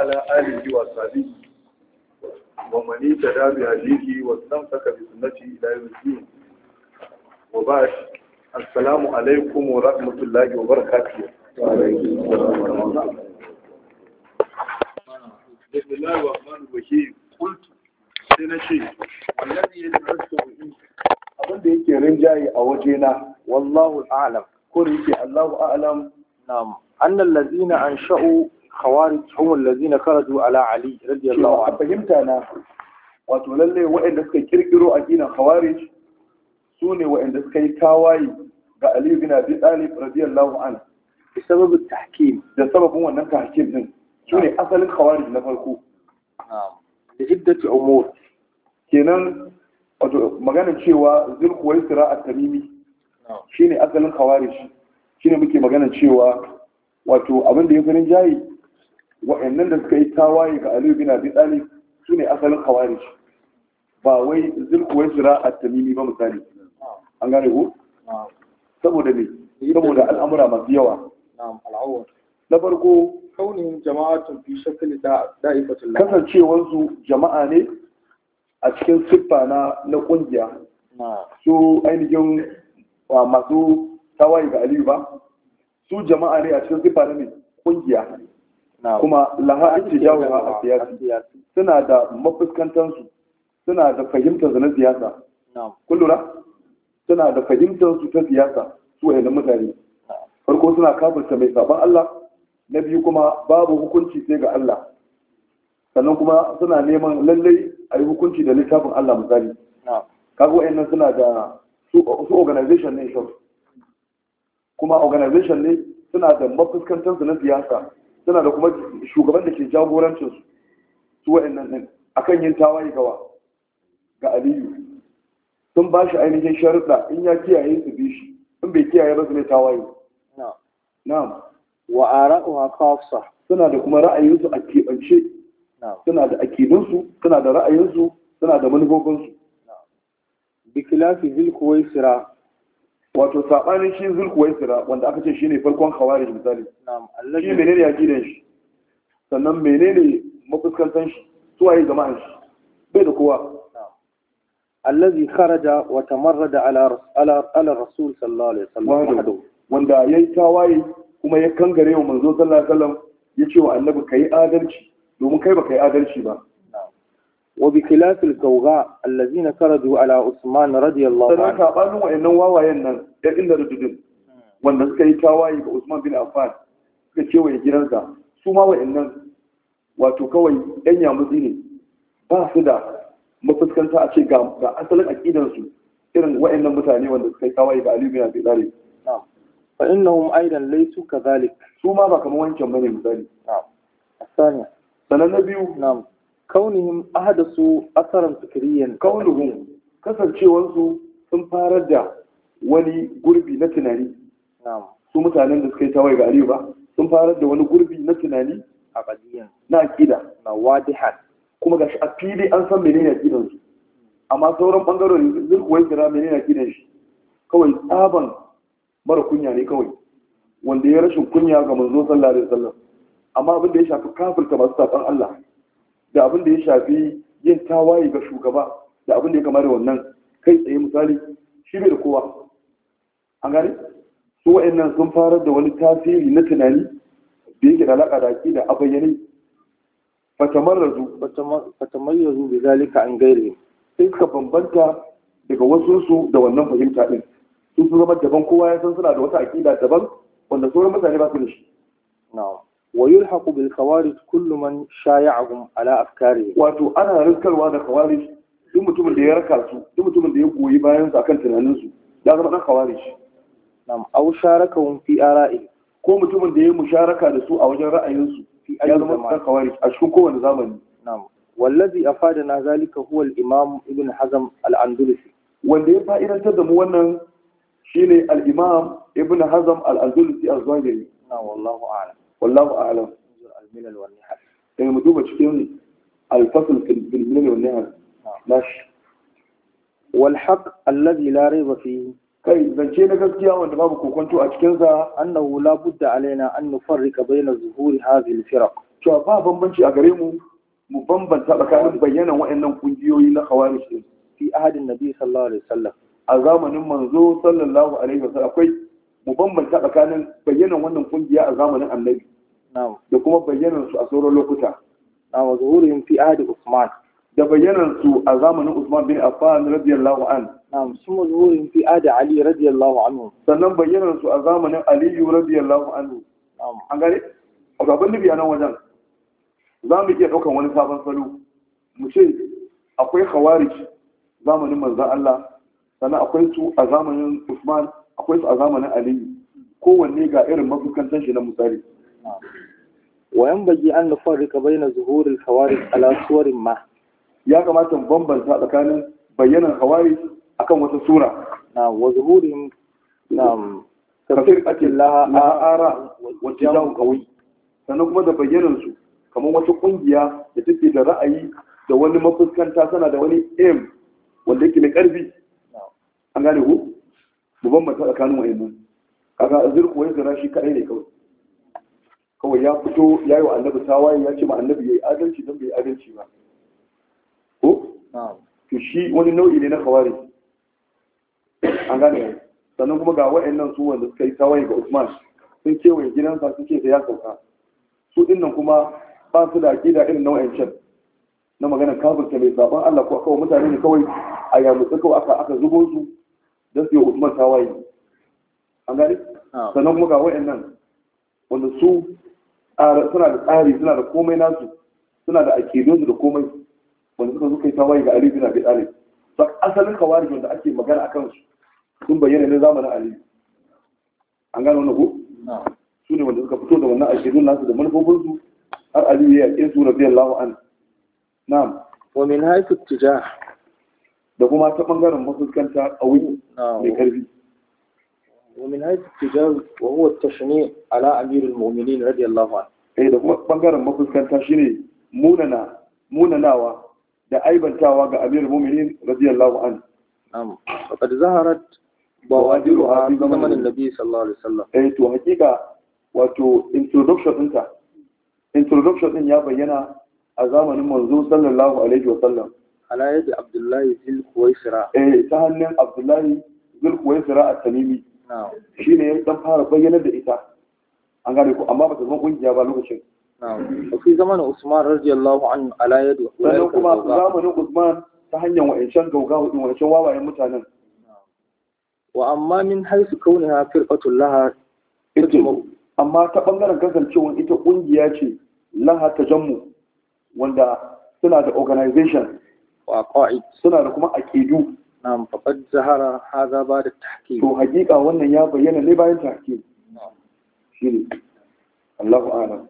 ala alihi wa sahbihi wa man ittaba bi alihi wa sanfaka bi sunnati ila yusin wa ba'd assalamu alaykum wa rahmatullahi wa barakatuh wa alaykum assalam wa rahmatullahi wa barakatuh inna allazina ansha'u khawarij hum allazina kharaju ala ali radiyallahu anhu fahimta na wato lalle waɗanda suka kirkiro aqidan khawarij sune waɗanda suka yi tawaye ga ali bin abi talib radiyallahu anhu bi tahkim da sababin wannan tahkim din sune asalin khawarij na farko da iddatu umur kenan wato magana cewa zulkuwaisira at-tamimi shine asalin khawarij shine muke magana cewa wato abin da ya fi rinjaye wa'annan da suka yi tawaye ga aliyu bin abi talib su ne asalin khawarij ba wai wai zira a tamimi ba misali an gane ku saboda ne saboda al'amura masu yawa na farko kaunin jama'atun fi shakali da'ifatun kasancewar su jama'a ne a cikin siffa na na kungiya su ainihin masu tawaye ga aliyu ba su jama'a ne a cikin siffa na ne kungiya kuma lahadin ittijawuha a siyasi suna da mafuskantansu suna da fahimtar na siyasa kullura suna da fahimtar su ta siyasa su wayannan mutane farko suna kafirta mai saban Allah na biyu kuma babu hukunci sai ga Allah sannan kuma suna neman lallai a yi hukunci da littafin Allah misali kaga wayannan suna da su organization ne shop kuma organization ne suna da mafuskantar na siyasa suna da kuma shugaban da ke jagorancinsu su waɗannan ɗin akan yin tawaye gawa ga aliyu sun ba shi ainihin sharuɗa in ya kiyaye su bi shi in bai kiyaye ba su ne tawaye na'am wa ara'uha khassa suna da kuma ra'ayinsu a keɓance suna da akidunsu suna da ra'ayinsu suna da manufofinsu bikilafi zil kuwaisira wato sabanin shi zulkuwaisira wanda aka ce shine farkon khawarij misali shi menene aqidan shi sannan menene mafuskantan shi suwaye jama'an shi bai da kowa allazi kharaja wa tamarrada ala ala ala rasul sallallahu alaihi wasallam wanda yayi tawaye kuma ya kangare wa manzo sallallahu alaihi wasallam yace wa annabi kai adalci domin kai baka yi adalci ba وبخلاف الكوغاء الذين كردوا على عثمان رضي الله عنه قالوا ان واواين nan da inda rududin wanda suka yi tawaye ga Usman bin Affan suka ce wa gidansa su ma wayannan wato kawai yan yamutsi ne ba su da mafuskanta a ce ga asalin aqidan irin wayannan mutane wanda suka yi tawaye ga Ali bin Abi Talib fa innahum ba misali na biyu kaunihim ahadasu asaran fikiriyan kaunihim kasancewarsu sun farar da wani gurbi na tunani su mutanen da suka yi tawaye ga Aliyu ba sun farar da wani gurbi na tunani a baliyan na akida na wadihan kuma gashi a fili an san menene akidan su amma sauran bangarori zai kuwa kira menene akidan shi kawai tsaban mara kunya ne kawai wanda ya rashin kunya ga manzo sallah da sallah. amma abin da ya shafi kafirta masu tafan Allah da abin da ya shafi yin tawaye ga shugaba da abin da ya kamar wannan kai tsaye misali shi bai da kowa an gani, su wa'annan sun farar da wani tasiri na tunani da yake da alaƙa da aƙida a bayyane fatamarrazu fatamarrazu da zalika an gaire sai suka bambanta daga wasu su da wannan fahimta din sun zama daban kowa ya san suna da wata aƙida daban wanda sauran mutane ba su da shi na'am wa yulhaqu bil kullum kullu man ala afkarihi wato ana riskarwa da khawarij duk mutumin da ya raka su duk mutumin da ya goyi bayan su akan tunanin su ya zama nam ko mutumin da ya musharaka da su a wajen ra'ayinsu ya zama dan khawarij a cikin kowane zamani nam wallazi afadana zalika huwa al-imam ibn hazm al-andalusi wanda ya fa'idantar da mu wannan shine al-imam ibn hazm al-andalusi az-zahiri na wallahu a'lam wallahu a'lam al-milal wan nihal sai eh, mu duba cikin al-fasl fil milal wan nihal ah. mashi wal haqq alladhi la rayba fihi kai zance na gaskiya wanda babu kokonto a cikinsa annahu la budda alaina an nufarrika baina zuhuri hadhihi al-firaq to ba bambanci a gare mu mu bambanta tsakanin bayyanan waɗannan kungiyoyi na khawarij din fi ahadin nabi sallallahu alaihi wasallam a zamanin manzo sallallahu alaihi wasallam akwai mu bambanta tsakanin bayyanan wannan kungiya a zamanin annabi da kuma bayyanan su a sauran lokuta a zuhurin fi ahdi usman da bayyanan su a zamanin usman bin affan radiyallahu an na'am summa zuhurin fi ahdi ali radiyallahu anhu sannan bayyanan su a zamanin ali radiyallahu anhu an gane a gaban libya nan wajen za mu iya ɗaukan wani sabon salo mu ce akwai khawarij zamanin manzan Allah sannan akwai su a zamanin Usman akwai su a zamanin aliyu kowanne ga irin mafukantar shi na misali wayan baji an na farrika bayyana zuhurin hawari a lasuwarin ma ya kamata mu bambanta tsakanin bayyanan hawari akan wata sura na wa zuhurin na kafir akin la'ara wacce yawon kawai sannan kuma da bayyanansu su kamar wata kungiya da take da ra'ayi da wani mafuskanta sana da wani aim wanda yake da karfi an gane ku mu bambanta tsakanin wayannan kaga zirku wai zira shi kadai ne kawai kawai ya fito ya yi wa annabi tawaye ya ce ma annabi ya yi adalci don bai yi adalci ba ko to shi wani nau'i ne na kawari an gane sannan kuma ga nan su wanda suka yi tawaye ga usman sun kewaye gidansa sun ce sai ya sauka su nan kuma ba su da gida irin na wa'ancan na maganar ta mai sabon allah ko kawai mutane ne kawai a yamutsa kawai aka zubo su don su yi usman tawaye an gani ah. sannan kuma ga nan wanda su suna da tsari suna da komai nasu suna da akidonsu da komai wanda suka suka yi tawaye ga alibi na bi tsari ba asalin kawari wanda ake magana a kansu sun bayyana na zamanin alibi an gano wani ku ah. su ne wanda suka fito da wannan akidon nasu da manufofinsu har alibi ya yaƙe su rabiyallahu an na'am wa min haifu tijah da kuma ta bangaren mafuskanta a wuri mai karfi ومن هذا التجاوز وهو التشنيع على أمير المؤمنين رضي الله عنه. إيه ده بانجر ما كنت كان تشنيع موننا مونناوا ده أيضا تاوا أمير المؤمنين رضي الله عنه. نعم فقد ظهرت بوادرها في زمن النبي صلى الله عليه وسلم. إيه تو حقيقة وتو introduction أنت introduction ɗin ya bayyana a zamanin manzo sallallahu alaihi wa sallam. ala abdullahi zil kuwaisira eh ta hannun abdullahi zil kuwaisira a tamimi shi ne dan fara bayyana da ita an gane ko amma ba ta zama kungiya ba lokacin fi zamanin usman radiyallahu anhu ala yadi sannan kuma zamanin usman ta hanyar wa'ancan gaugawa din wa'ancan wawayen mutanen wa amma min amma ta ita ƙungiya ce laha janmu, wanda suna da organization wa qa'id suna da kuma aqidu na'am faqad zahara hadha ba'da tahqiq to hakika wannan ya bayyana ne bayan tahqiq shine Allahu a'lam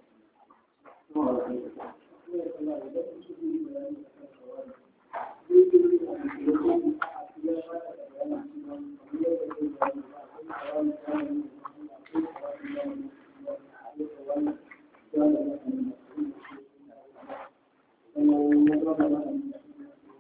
Thank you.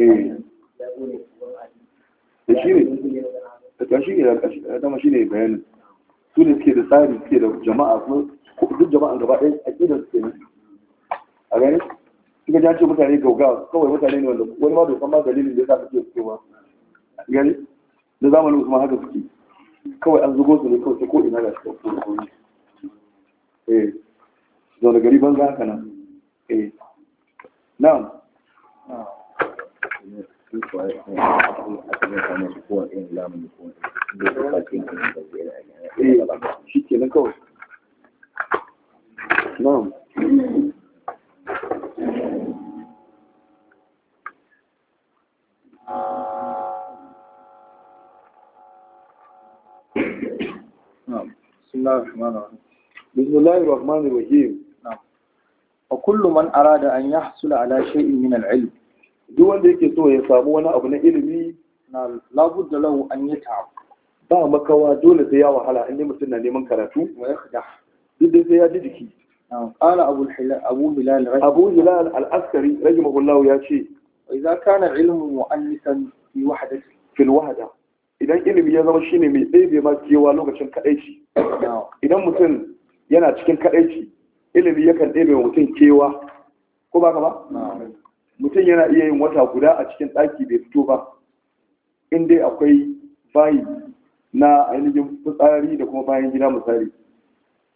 Eh. da shi ne da shi ne dama shi ne bayanin su ne suke da tsari suke da jama'a duk jama'a gaba ɗaya a da suke ne a gani suka jace mutane gauga kawai mutane ne wanda wani ma bai ma dalilin da ya sa suke suke ba gani da zamanin usman haka suke kawai an zugo su ne kawai ko ina ga suka fito da kawai eh zaune gari banza haka nan eh na'am نعم ke بسم الله الرحمن الرحيم بسم الله الرحمن الرحيم نعم وكل من أراد أن يحصل على شيء من العلم duk wanda yake so ya samu wani abu na ilimi na da lau an yi ta ba makawa dole sai ya wahala in mutum na neman karatu duk da sai ya ji jiki قال أبو الحلال أبو هلال رحمه أبو هلال العسكري رحمه الله يا شيء وإذا كان علم مؤنثا في وحدة في الوحدة إذا علم يا زلمة شيء من أي ما كيوا لغة شن كأيشي إذا مثلا ينا كأيشي ilimi yakan ɗebe wa mutum kewa ka mutum yana iya yin wata guda a cikin ɗaki bai fito ba in dai akwai bayi na ainihin fitsari da kuma bayan gida misali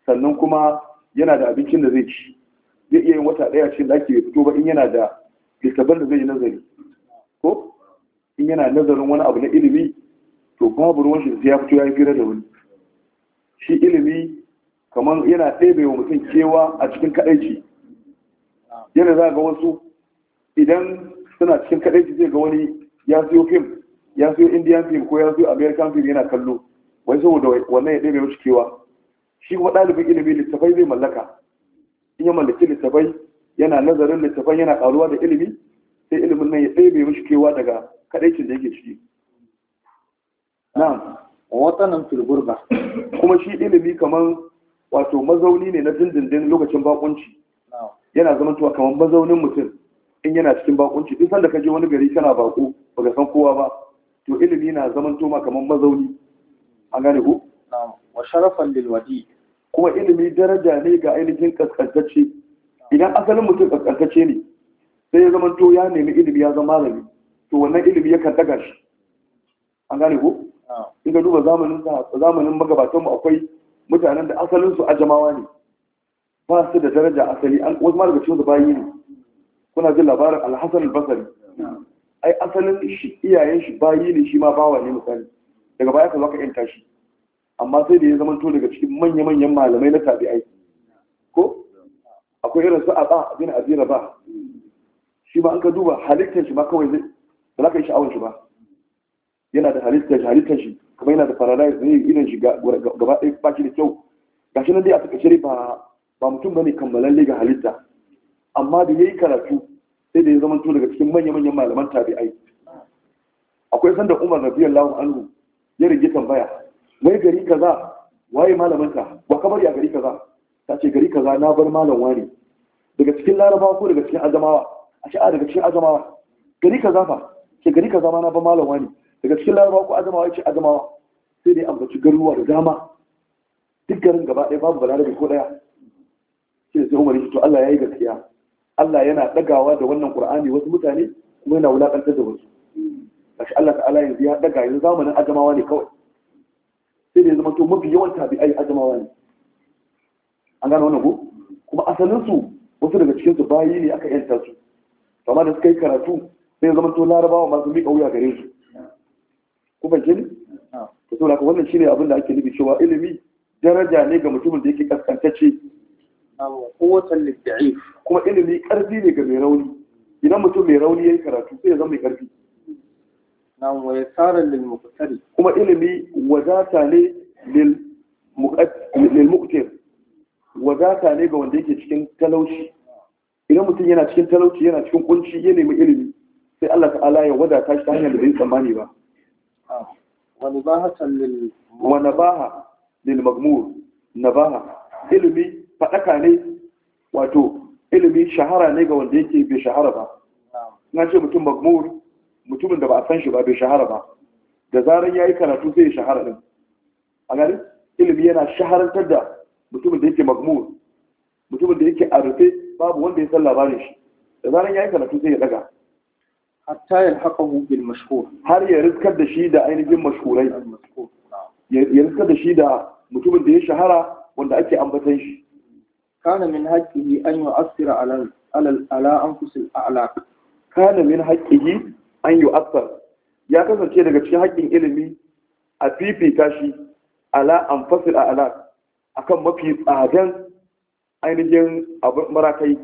sannan kuma yana da abincin da zai ci zai iya yin wata ɗaya cikin ɗaki bai fito ba in yana da littafin da zai yi nazari ko in yana nazarin wani abu na ilimi to babu ruwan shi ya fito ya yi fira da wani shi ilimi kamar yana ɗebe wa mutum kewa a cikin kaɗaici yana za ga wasu idan suna cikin kaɗai zai ga wani ya siyo fim ya siyo indian fim ko ya siyo american fim yana kallo wai saboda wannan ya ɗaya mai kewa shi kuma ɗalibin ilimi littafai zai mallaka in ya mallaki littafai yana nazarin littafai yana ƙaruwa da ilimi sai ilimin nan ya ɗaya mai mishi daga kaɗaicin da yake ciki na'am watanin filburga kuma shi ilimi kamar wato mazauni ne na dindindin lokacin bakunci yana zama tuwa kamar mazaunin mutum in yana cikin bakunci duk sanda ka je wani gari kana bako baka san kowa ba to ilimi na zaman toma kamar mazauni an gane ku wa sharafan lil wadi kuma ilimi daraja ne ga ainihin kaskantacce idan asalin mutum kaskantacce ne sai ya zama to ya nemi ilimi ya zama malami to wannan ilimi ya kan daga shi an gane ku in ka duba zamanin zamanin magabatanmu akwai mutanen da asalin su ajamawa ne ba su da daraja asali an wasu ma daga cikin su bayi ne kuna jin labarin alhassan albasari ai asalin shi iyayen shi bayi ne shi ma bawa ne misali daga baya ka zo ka yanta amma sai da ya zama to daga cikin manya-manyan malamai na tabi'ai ko akwai irin su a ba abin azira ba shi ma an ka duba halittar shi ma kawai zai ba za ka yi sha'awar shi ba yana da halittar shi halittar shi kuma yana da paradise yi irin shi gaba ɗaya ba shi da kyau gashi nan dai a takaice ba ba mutum bane kammalalle ga halitta amma da ya yi karatu sai da ya zama daga cikin manya-manyan malaman tabi'ai akwai sanda Umar biyan lawan anu ya rige tambaya wai gari kaza waye malamin ka ba kamar ya gari gari kaza ta ce gari kaza na bar malam wani daga cikin larabawa ko daga cikin azamawa a ce a daga cikin azamawa gari kaza fa ce gari kaza ma na bar malam wani daga cikin larabawa ko azamawa ce azamawa sai dai ambaci garuwa da dama duk garin gaba ɗaya babu balarabe ko ɗaya sai da sai umar to Allah ya yi gaskiya Allah yana ɗagawa da wannan Qur'ani wasu mutane kuma yana wulaƙantar da wasu kashi Allah ta'ala yanzu ya ɗaga yanzu zamanin ajamawa ne kawai sai da zama to mafi yawan tabi'ai ajamawa ne an gane wannan ko kuma asalinsu wasu daga cikinsu bayi ne aka yanta su amma da suka yi karatu sai ya zama to larabawa su miƙa wuya gare su ku fahimce ni to saboda wannan shine abin da ake nufi cewa ilimi daraja ne ga mutumin da yake kaskantacce wa quwwatan lid-da'if kuma ilimi ƙarfi ne ga mai rauni idan mutum mai rauni ya yi karatu sai ya zama mai karfi na'am wa yasaran lil muqtari kuma ilimi wadata ne lil muqtir wadata ne ga wanda yake cikin talauci idan mutum yana cikin talauci yana cikin kunci ya nemi ilimi sai Allah ta'ala ya wadata shi ta hanyar da bai tsammani ba wani baha lil magmur nabaha ilimi faɗaka ne wato ilimi shahara ne ga wanda yake bai shahara ba na ce mutum magmur mutumin da ba a san shi ba bai shahara ba da zarar ya yi karatu zai shahara ɗin a gani ilimi yana shaharantar da mutumin da yake magmur mutumin da yake a rufe babu wanda ya san labarin shi da zarar ya yi karatu zai daga hatta ya haka bil mashhur har ya riskar da shi da ainihin mashhurai ya riskar da shi da mutumin da ya shahara wanda ake ambatan shi kana min haqqihi an yu'assira ala ala ala anfusil a'laq kana min haqqihi an yu'assar ya kasance daga cikin haƙƙin ilimi a fifita shi ala anfusil a'laq akan mafi tsadan ainihin abin marakai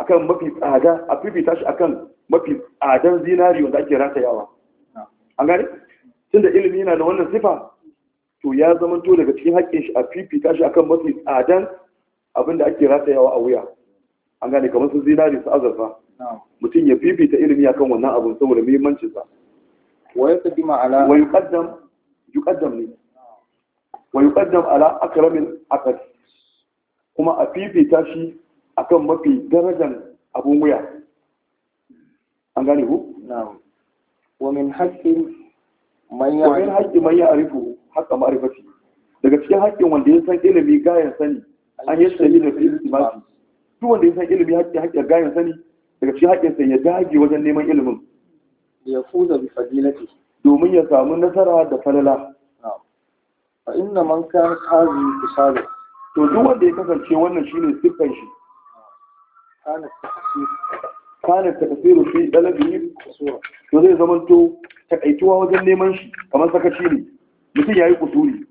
akan mafi tsada a fifita shi akan mafi tsadan zinari wanda ake ratayawa an gane tunda ilimi yana da wannan sifa to ya zama to daga cikin haƙƙin shi a fifita shi akan mafi tsadan abinda ake ratayawa a wuya an gane kamar su zinari su azurfa mutum ya fifita ilimi a kan wannan abin saboda muhimmancin sa wa ala ne ala akaramin aqd kuma a fifita shi akan mafi darajan abin wuya an gane ku na'am wa manya haqqin arifu daga cikin haƙƙin wanda ya san ilimi gayan sani an yi sani da fi istimaki duk wanda ya san ilimi haƙƙi haƙƙin gayan sani daga cikin haƙƙin sa ya dage wajen neman ilimin ya fuza bi fadilati domin ya samu nasara da falala A inna man kan kazi qazi kusabi to duk wanda ya kasance wannan shine siffan shi kana tafsir kana tafsiru fi dalabi kusura to zai zama to takaituwa wajen neman shi kamar sakaci ne mutum yayi kusuri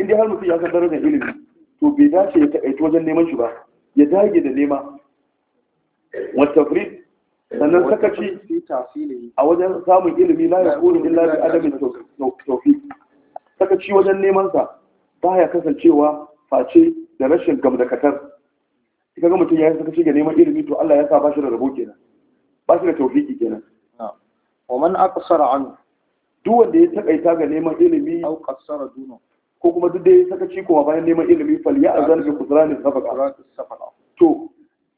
in dai har mutum ya san darajar ilimi to bai dace ya taɓaita wajen neman shi ba ya dage da nema wata firi sannan sakaci a wajen samun ilimi na ya kori illa bi adamin tofi sakaci wajen neman sa ya kasancewa face da rashin gamdakatar ga mutum ya sakaci ga neman ilimi to Allah ya sa ba shi da rabo kenan ba shi da tawfiqi kenan wa man aqsara an duk wanda ya taƙaita ga neman ilimi au qasara dunahu ko kuma duk dai sakaci kuma bayan neman ilimi fal ya azan bi kudranin safaka to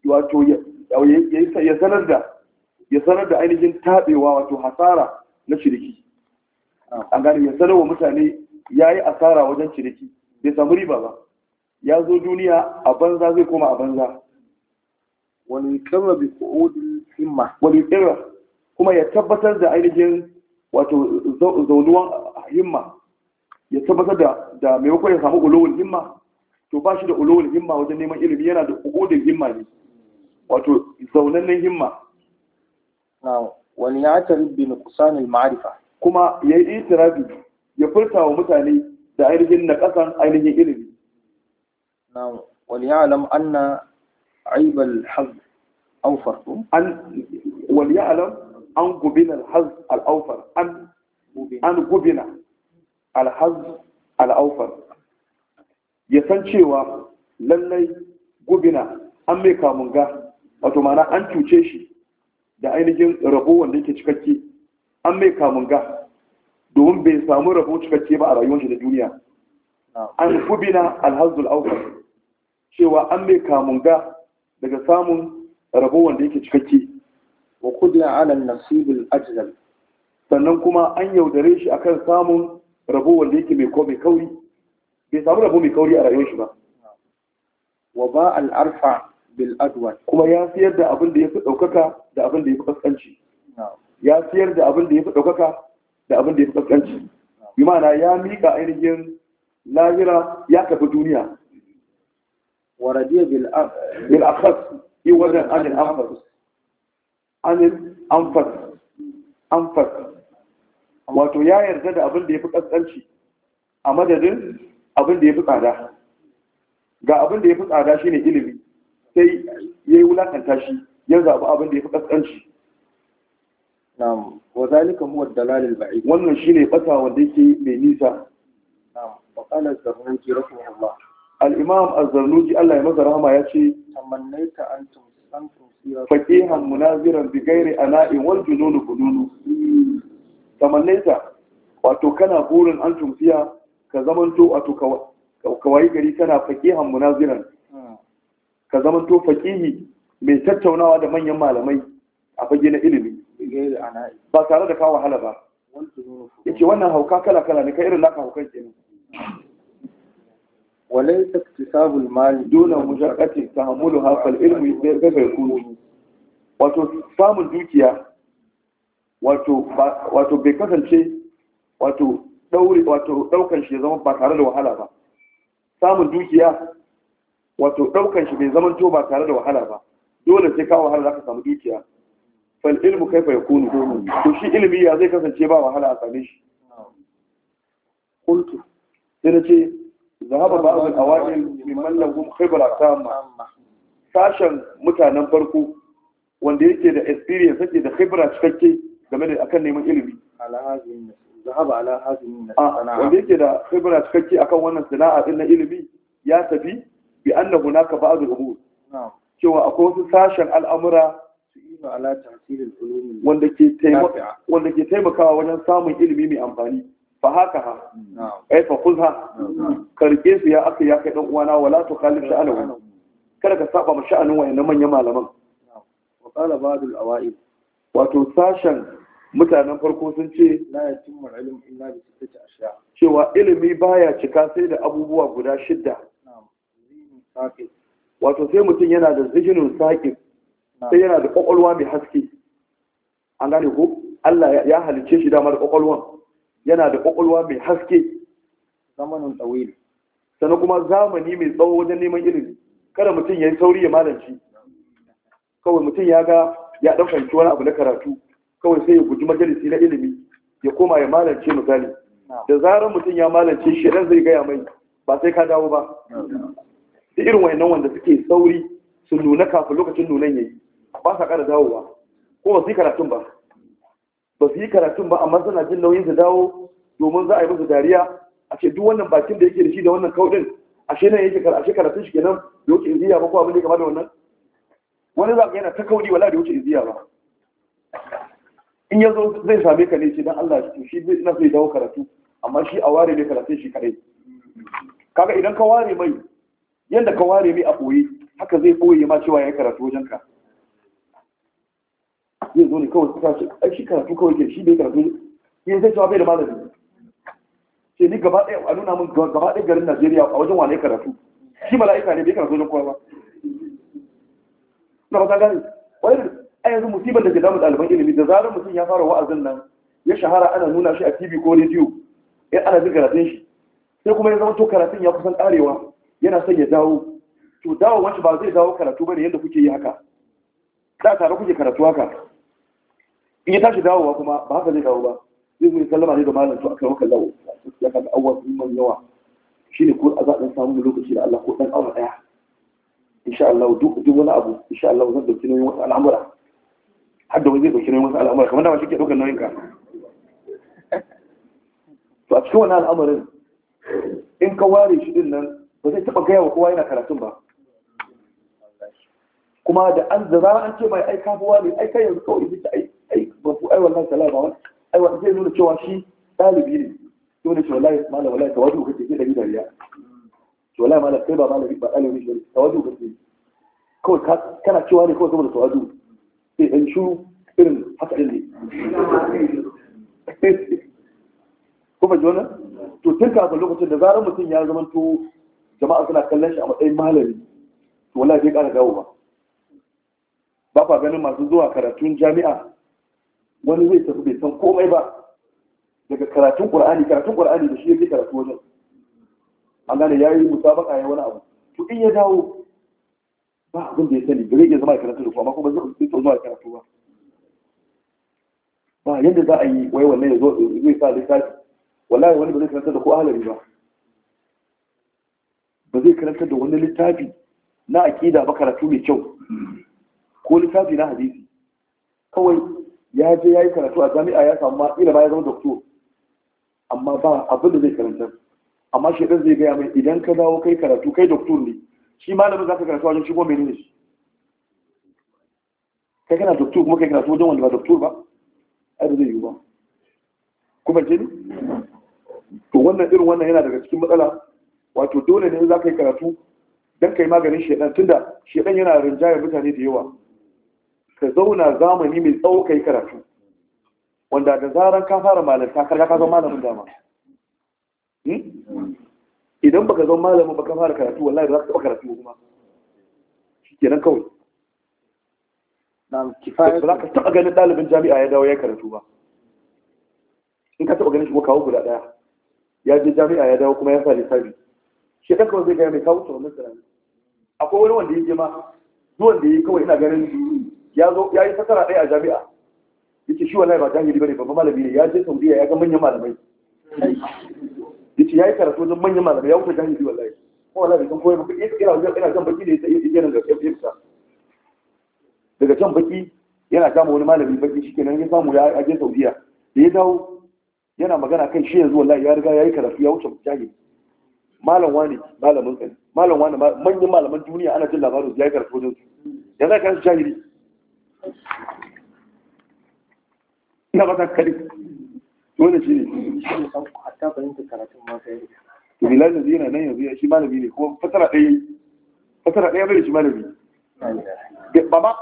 wato ya sanar da ya sanar da ainihin tabewa wato hasara na ciniki an gane ya sanar wa mutane ya yi asara wajen ciniki bai samu riba ba ya zo duniya a banza zai koma a banza wani kirra bi ko'udin himma wani kirra kuma ya tabbatar da ainihin wato zaunuwan himma ya tabbatar da da maimakon ya samu ulowul himma to ba shi da ulowul himma wajen neman ilimi yana da ugudin himma ne wato zaunannen himma Na wani ya rubi na kusanin ma'arifa kuma ya yi itirabi ya furta wa mutane da ainihin na ƙasan ainihin ilimi wani ya alam na aibal haz aufar wani ya alam an gubinar haz al'aufar an gubina alhaz al'aufar ya san cewa lallai gubina an mai kamunga wato mana an cuce shi da ainihin rabo wanda yake cikakke an mai kamunga domin bai samu rabo cikakke ba a rayuwar shi da duniya an gubina alhaz al'aufar cewa an mai kamunga daga samun rabo wanda yake cikakke wa kudla ala nasibul ajzal sannan kuma an yaudare shi akan samun Rabu wanda yake mai ko mai kauri bai samu rabu mai kauri a rayuwar shi ba wa ba al'arfa bil adwa kuma ya siyar da abin da yafi daukaka da abin da yafi kaskanci ya siyar da abin da yafi daukaka da abin da yafi kaskanci bi ma'ana ya mika ainihin lahira ya tafi duniya wa radiya bil akhas yi wajen anil anfas anil anfas anfas wato ya yarda da abin da ya fi ƙasƙanci a madadin abin da ya fi tsada ga abin da ya fi tsada shi ne ilimi sai ya yi wulakanta shi ya zaɓi abin da ya fi ƙasƙanci na'am wa zalika huwa dalalul ba'id wannan shine fata wanda yake mai nisa na'am wa qala az-zarnuji rahimahullah al-imam az-zarnuji Allah ya masa rahama yace tamannaita antum antum sira faqihan munaziran bi ghairi ana'in wal junun bununu tamannaita wato kana burin an tumfiya ka zamanto wato kawai gari kana faqihan munaziran ka zamanto fakihi mai tattaunawa da manyan malamai a fage na ilimi ba tare da kawo wahala ba ce wannan hauka kala kala ne ka irin naka haukan kenan وليس اكتساب المال دون مجرأة تحملها فالعلم كيف يكون wato samun dukiya wato bai kasance wato ɗaukan shi zama ba tare da wahala ba samun dukiya wato ɗaukan shi bai zama to ba tare da wahala ba dole sai kawo wahala za ka samu dukiya fal ilmu kai fa yakunu to shi ilimi ya zai kasance ba wahala a same shi qultu sai nace zahaba ba'd al-awamil mimman lahum khibra tamma sashen mutanen farko wanda yake da experience yake da khibra cikakke game da akan neman ilimi zahaba wanda yake da khibra cikakke akan wannan sana'a din na ilimi ya tafi bi anna hunaka ba'd al-umur cewa akwai wasu sashen al'amura wanda ke taimakawa wajen samun ilimi mai amfani fa haka ha ai fa kuzha karke su ya aka ya kai dan uwana wala to sha'anu kada ka saba ma sha'anin wayannan manyan malaman wa qala ba'd al-awa'il wato sashen mutanen farko sun ce cewa ilimi baya cika sai da abubuwa guda shidda wato sai mutum yana da zihinin sakin sai yana da ƙwaƙwalwa mai haske an gane ko Allah ya halice shi dama da yana da ƙwaƙwalwa mai haske zamanin tsawili sannan kuma zamani mai tsawo wajen neman ilimi kada mutum ya yi sauri ya malanci kawai mutum ya ga ya ɗaukan fahimci wani abu na karatu kawai sai ya guji majalisi na ilimi ya koma ya malance misali da zarar mutum ya malance shi ɗan zai gaya mai ba sai ka dawo ba da irin wayannan wanda suke sauri su nuna kafin lokacin nunan yayi ba sa ƙara dawowa ko ba su yi karatun ba ba su yi karatun ba amma suna jin nauyin su dawo domin za a yi musu dariya a ce duk wannan bakin da yake da shi da wannan kaudin ashe nan yake karatun shi kenan yau ke ziya ba ko abin da ya kamata wannan wani za yana ta kauri wala da wuce iziya ba in ya zo zai same ka ne ce don Allah shi na so dawo karatu amma shi a ware ne karatun shi kadai kaga idan ka ware mai yadda ka ware mai a boye haka zai ɓoye ma cewa ya karatu wajen ka zai zo ne kawai ka ce ai shi karatu kawai ke shi bai karatu ne zai cewa bai da malami ce ni gaba ɗaya a nuna min gaba ɗaya garin Najeriya a wajen wane karatu shi mala'ika ne bai karatu wajen kowa ba na ba gani wani a yanzu musibar da ke damu ɗaliban ilimi da zarar mutum ya fara wa'azin nan ya shahara ana nuna shi a tv ko rediyo ya eh, ana jin karatun shi sai kuma ya zama to karatun ya kusan karewa yana son ya dawo to dawo wancan ba zai dawo karatu bane yadda kuke yi haka da tare kuke karatu haka in ya tashi dawowa kuma ba haka zai dawo ba zai zo sallama ne da malam to kan wakan lawo ya kaga yi mun yawa ne ko a zaɗin samun lokaci da Allah ko ɗan awa ɗaya. insha Allah duk wani abu insha Allah zan dauki nauyin wasu al'amura har da wani zai dauki nauyin wasu al'amura kamar da shi ke daukar nauyin ka to a cikin wani al'amarin in ka ware shi din nan ba zai taba gaya wa kowa yana karatun ba kuma da an zara an ce mai aika kafuwa ne aika kai yanzu kawai bisa ai ai ba ku ai wannan salama ba ai wannan zai nuna cewa shi dalibi ne dole ce wallahi malam wallahi tawadu kace ke da bidariya to wallahi malam kai ba malami ba ɗalibi shi tawadu ba ce kawai kana cewa ne kawai saboda tawadu sai eh, dan shuru irin haka din ne ko ba jona to tun kafin lokacin da zarar mutum ya zama to jama'a suna kallon shi a matsayin malami to wallahi zai ƙara dawo ba ba kwa ganin masu zuwa karatun jami'a wani zai tafi bai san komai ba daga karatun ƙur'ani karatun ƙur'ani da shi yake karatu wajen an gane ya yi musabaka ya wani abu to in ya dawo ba abin da ya sani ba zai zama a karatu da ku amma kuma zai zo zuwa karatu ba ba yadda za a yi wai wannan ya zo zai sa littafi wallahi wani ba zai karanta da ku ahalari ba ba zai karanta da wani littafi na aƙida ba karatu mai kyau ko littafi na hadisi kawai ya je ya yi karatu a jami'a ya samu ma ila ma ya zama doktor amma ba abin da zai karanta amma shi zai gaya mai idan ka dawo kai karatu kai doktor ne shi malamin za ka karatu wajen shi ko menene shi kai kana doktor kuma kai karatu wajen wanda ba doktor ba ai zai yiwu ba kuma ce to wannan irin wannan yana daga cikin matsala wato dole ne za ka yi karatu don ka yi maganin shedan tunda shedan yana rinjayar mutane da yawa ka zauna zamani mai tsawo ka yi karatu wanda da zaran ka fara malanta karka ka zama malamin dama Hmm? idan baka zama malamin baka fara karatu wallahi ba za ka taɓa karatu kuma shi nan kawai ba za ka taɓa ganin ɗalibin jami'a ya dawo ya karatu ba in ka taɓa ganin shi kawo guda ɗaya ya je jami'a ya dawo kuma ya sa lissafi shi ɗan kawai zai gaya mai kawo tsoron tsirani akwai wani wanda ya je ma zuwan da ya yi kawai ina ganin ya zo ya yi fasara ɗaya a jami'a yake shi wallahi ba jahili bane ba malami ne ya je saudiya ya ga manyan malamai yace yayi karatu wajen manyan malamai ya wuce jahili wallahi ko wallahi kan koyi ba ina ina jan baki ne sai yace jiran gaskiya ya fita daga can baki yana kama wani malami baki shikenan ya samu ya aje Saudiya da ya dawo yana magana kan shi yanzu wallahi ya riga yayi karatu ya wuce jahili malam wani malamin tsani malam wani manyan malaman duniya ana jin labarin ya yi karatu wajen su yanzu shi jahili ina ba ta kare dole shi ne hatta fahimta karatun ma sai to bilal yana nan yanzu ya shi malami ne kuma fasara ɗaya fasara ɗaya bai shi malami ba ma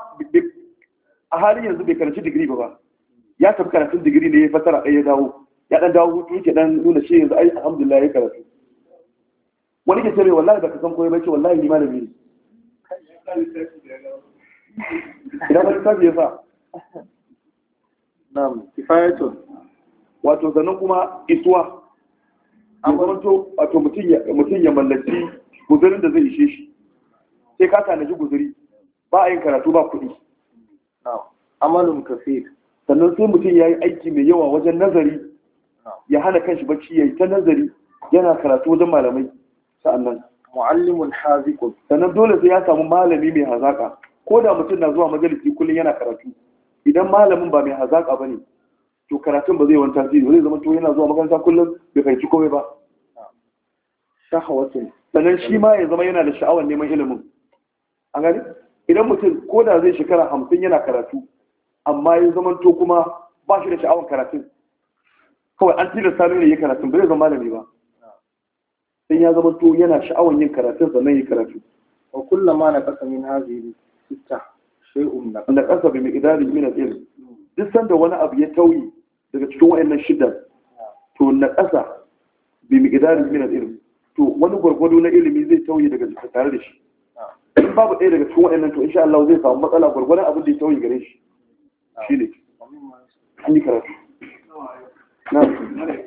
a halin yanzu bai karanci digiri ba ba ya tafi karatun digiri ne ya fasara ɗaya ya dawo ya ɗan dawo hutu yake dan nuna shi yanzu ai alhamdulillah ya karatu wani ke tare wallahi ka san koyi ba ce wallahi ni malami ne idan wani tafi ya sa na'am kifayatun wato sannan kuma isuwa a zamanto wato mutum ya mallaki guzurin da zai ishe shi sai ka tanaji guzuri ba a yin karatu ba kuɗi amalin kafir sannan sai mutum ya yi aiki mai yawa wajen nazari ya hana kanshi bacci ya yi ta nazari yana karatu wajen malamai sa'annan mu'allimun haziqun sannan dole sai ya samu malami mai hazaka ko da mutum na zuwa majalisi kullum yana karatu idan malamin ba mai hazaka ne. to karatun ba zai wani tasiri ba zai zama to yana zuwa makaranta kullum bai fahimci komai ba shahawatin sannan shi ma ya zama yana da sha'awar neman ilimin an gani idan mutum ko da zai shekara hamsin yana karatu amma ya zama to kuma ba shi da sha'awar karatun kawai an tilasta ne ya karatun ba zai zama malami ba sai ya zama to yana sha'awar yin karatun sannan ya karatu wa kullama na kasa min hazihi sitta shay'un na kasa bi miqdari min al-ilm duk sanda wani abu ya tauye daga cikin wa'annan shidan to na ƙasa bi miqdarin min al-ilm to wani gwargwado na ilimi zai tauye daga cikin tare da shi in babu ɗaya daga cikin wa'annan to insha Allah zai samu matsala gwargwadon abin da ya tauye gare shi shine an yi karatu na eh,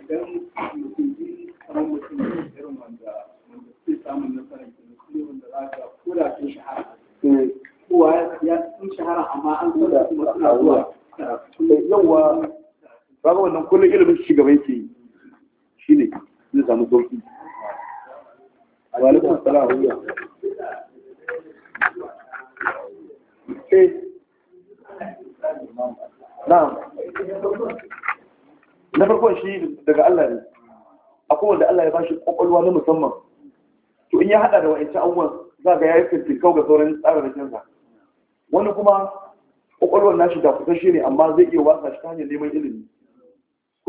yawwa ba wannan kullum ilimin shi gaba yake yi shi ne zai samu sauki walaikun salam wuya eh na'am na farkon shi daga Allah ne akwai wanda Allah ya bashi kwakwalwa na musamman to in ya hada da wa'ancan abubuwan za ga ya yi fintinkau ga sauran da sa wani kuma kwakwalwar nashi da kusa shi ne amma zai iya wasa shi ta hanyar neman ilimi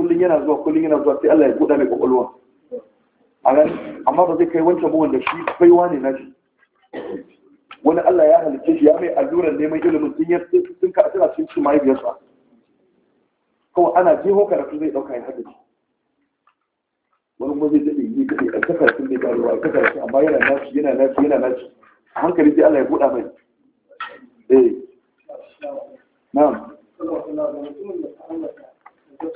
kullum yana zuwa kullum yana zuwa sai Allah ya buɗa mai ƙwaƙwalwa. a ran amma ba zai kai wancan buwan da shi baiwa ne na shi wani Allah ya halicce shi ya mai allurar neman ilimin sun yi sun ka tana cin cin mahaifiyarsa kawai ana jeho karatu zai ɗauka ya haɗa wani kuma zai daɗe yi kaɗai a ta karatun mai ƙaruwa a amma yana naci yana naci yana naci a hankali sai Allah ya buɗa mai eh na'am da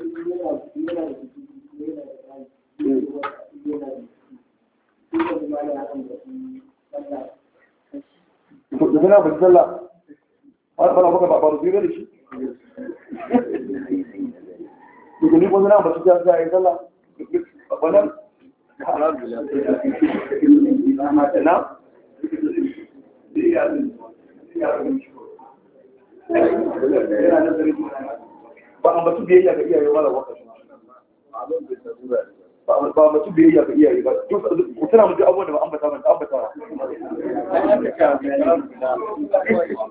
suna bai sallah wani fara baka babaru biyu da shi da ni ko suna bai sallah za a yi sallah wannan na Yeah. ba a mutu biyayya ga iyaye mara waka shi ba mutu biyayya ga iyaye ba ku tana mutu abubuwan da ba ambata ba ambata ba abinda ya bari sun da ya bari sun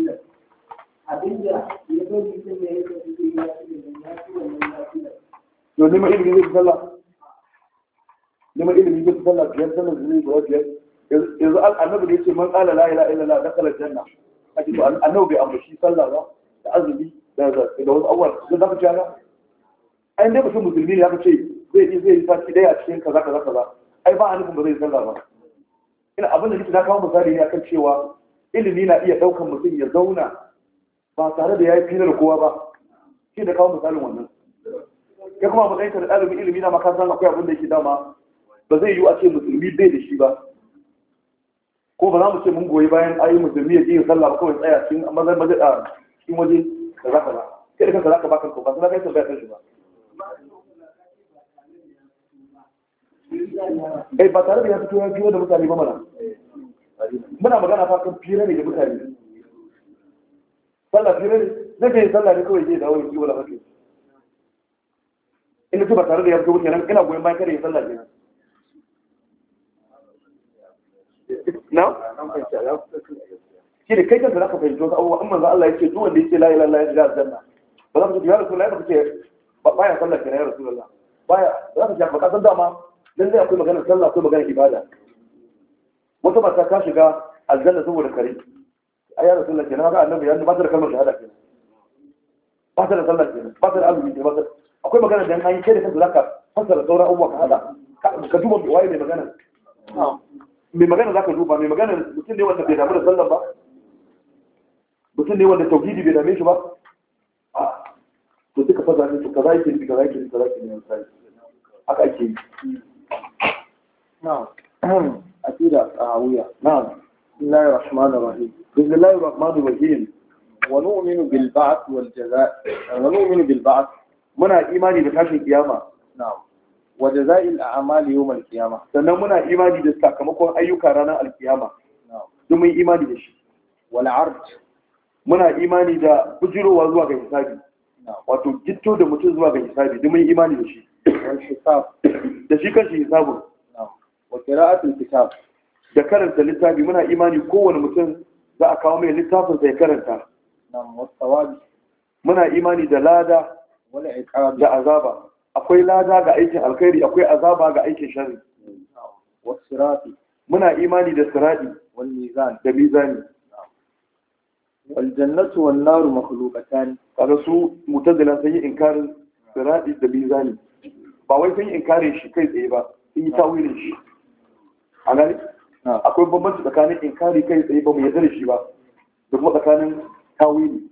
da ya fi wannan lafiya yau ilimi zai sallah zai sallah biyar sallah yanzu annabi da yace man qala la ilaha illallah dakhala janna kaji to annabi bai ambaci sallah ba da azumi da da wasu awwal da zaka ci ga ai dai mutum musulmi ne zaka ce zai yi zai yi sati daya a cikin kaza kaza kaza ai ba hannun ba zai sallah ba ina abin da nake na kawo misali ne akan cewa ilimi na iya daukan mutum ya zauna ba tare da ya yi filar kowa ba shi da kawo misalin wannan kai kuma matsayin ka da ɗalibin ilimi na makarantar akwai abin da ke dama ba zai yiwu a ce musulmi bai da shi ba ko ba za mu ce mun goyi bayan ayi musulmi ya je ya sallah kawai tsaya cikin mazan mazan a cikin waje da za ka ba kai da kanka za ka ba kanka ba sai kai tambaya kan shi ba eh ba tare da ya fito ya fito da mutane ba mana muna magana fa kan fira ne da mutane sallah fira ne na kai sallah ne kawai je dawo ya ci wala fakin ina ba tare da ya wuce nan ina goyon bayan kada ya sallah ne na shi da kai kanka zaka fahimci wasu abubuwa amma za Allah yake duk wanda yake la ilaha illallah ya shiga ba za ka ce ya rasulullahi ba kace ba baya sallah kenan ya rasulullah baya ba za ka ce ba ka san dama dan zai akwai maganar sallah akwai maganar ibada wata ba ta shiga aljanna saboda kare a ya rasulullah kenan ka annabi ya ba ta da kalmar shahada kenan ba ta da sallah kenan ba ta da azumi ba ta akwai magana da an kai da kanka zaka fassara sauran abubuwa ka hada ka duba waye mai magana mai magana zaka duba mai magana mutum ne wanda bai damu da sallan ba mutum ne wanda tauhidi bai dame shi ba to duka faza ne to kaza yake kaza yake kaza yake ni sai haka ake yi na'am akida a wuya na'am bismillahir rahmanir rahim bismillahir rahmanir rahim ونؤمن بالبعث والجزاء ونؤمن بالبعث muna imani da tashin kiyama wa jazail a'mali yawm al-qiyama sannan muna imani da sakamakon ayyuka ranar alkiyama. qiyama duk mun imani da shi wal ard muna imani da bujirowa zuwa ga hisabi wato gitto da mutum zuwa ga hisabi duk mun imani da shi wal hisab da shi kanshi hisabun wa qira'atul kitab da karanta littafi muna imani kowane mutum za a kawo mai littafin sai karanta muna imani da lada da azaba akwai lada ga aikin alkhairi akwai azaba ga aikin sharri wasirati muna imani da sirati wal mizan da mizani wal jannatu wan naru makhluqatan kaga su mutazila sun yi inkarin sirati da mizani ba wai sun yi inkarin shi kai tsaye ba sun yi tawilin shi a gani akwai bambanci tsakanin inkari kai tsaye ba mu yarda da shi ba da kuma tsakanin tawili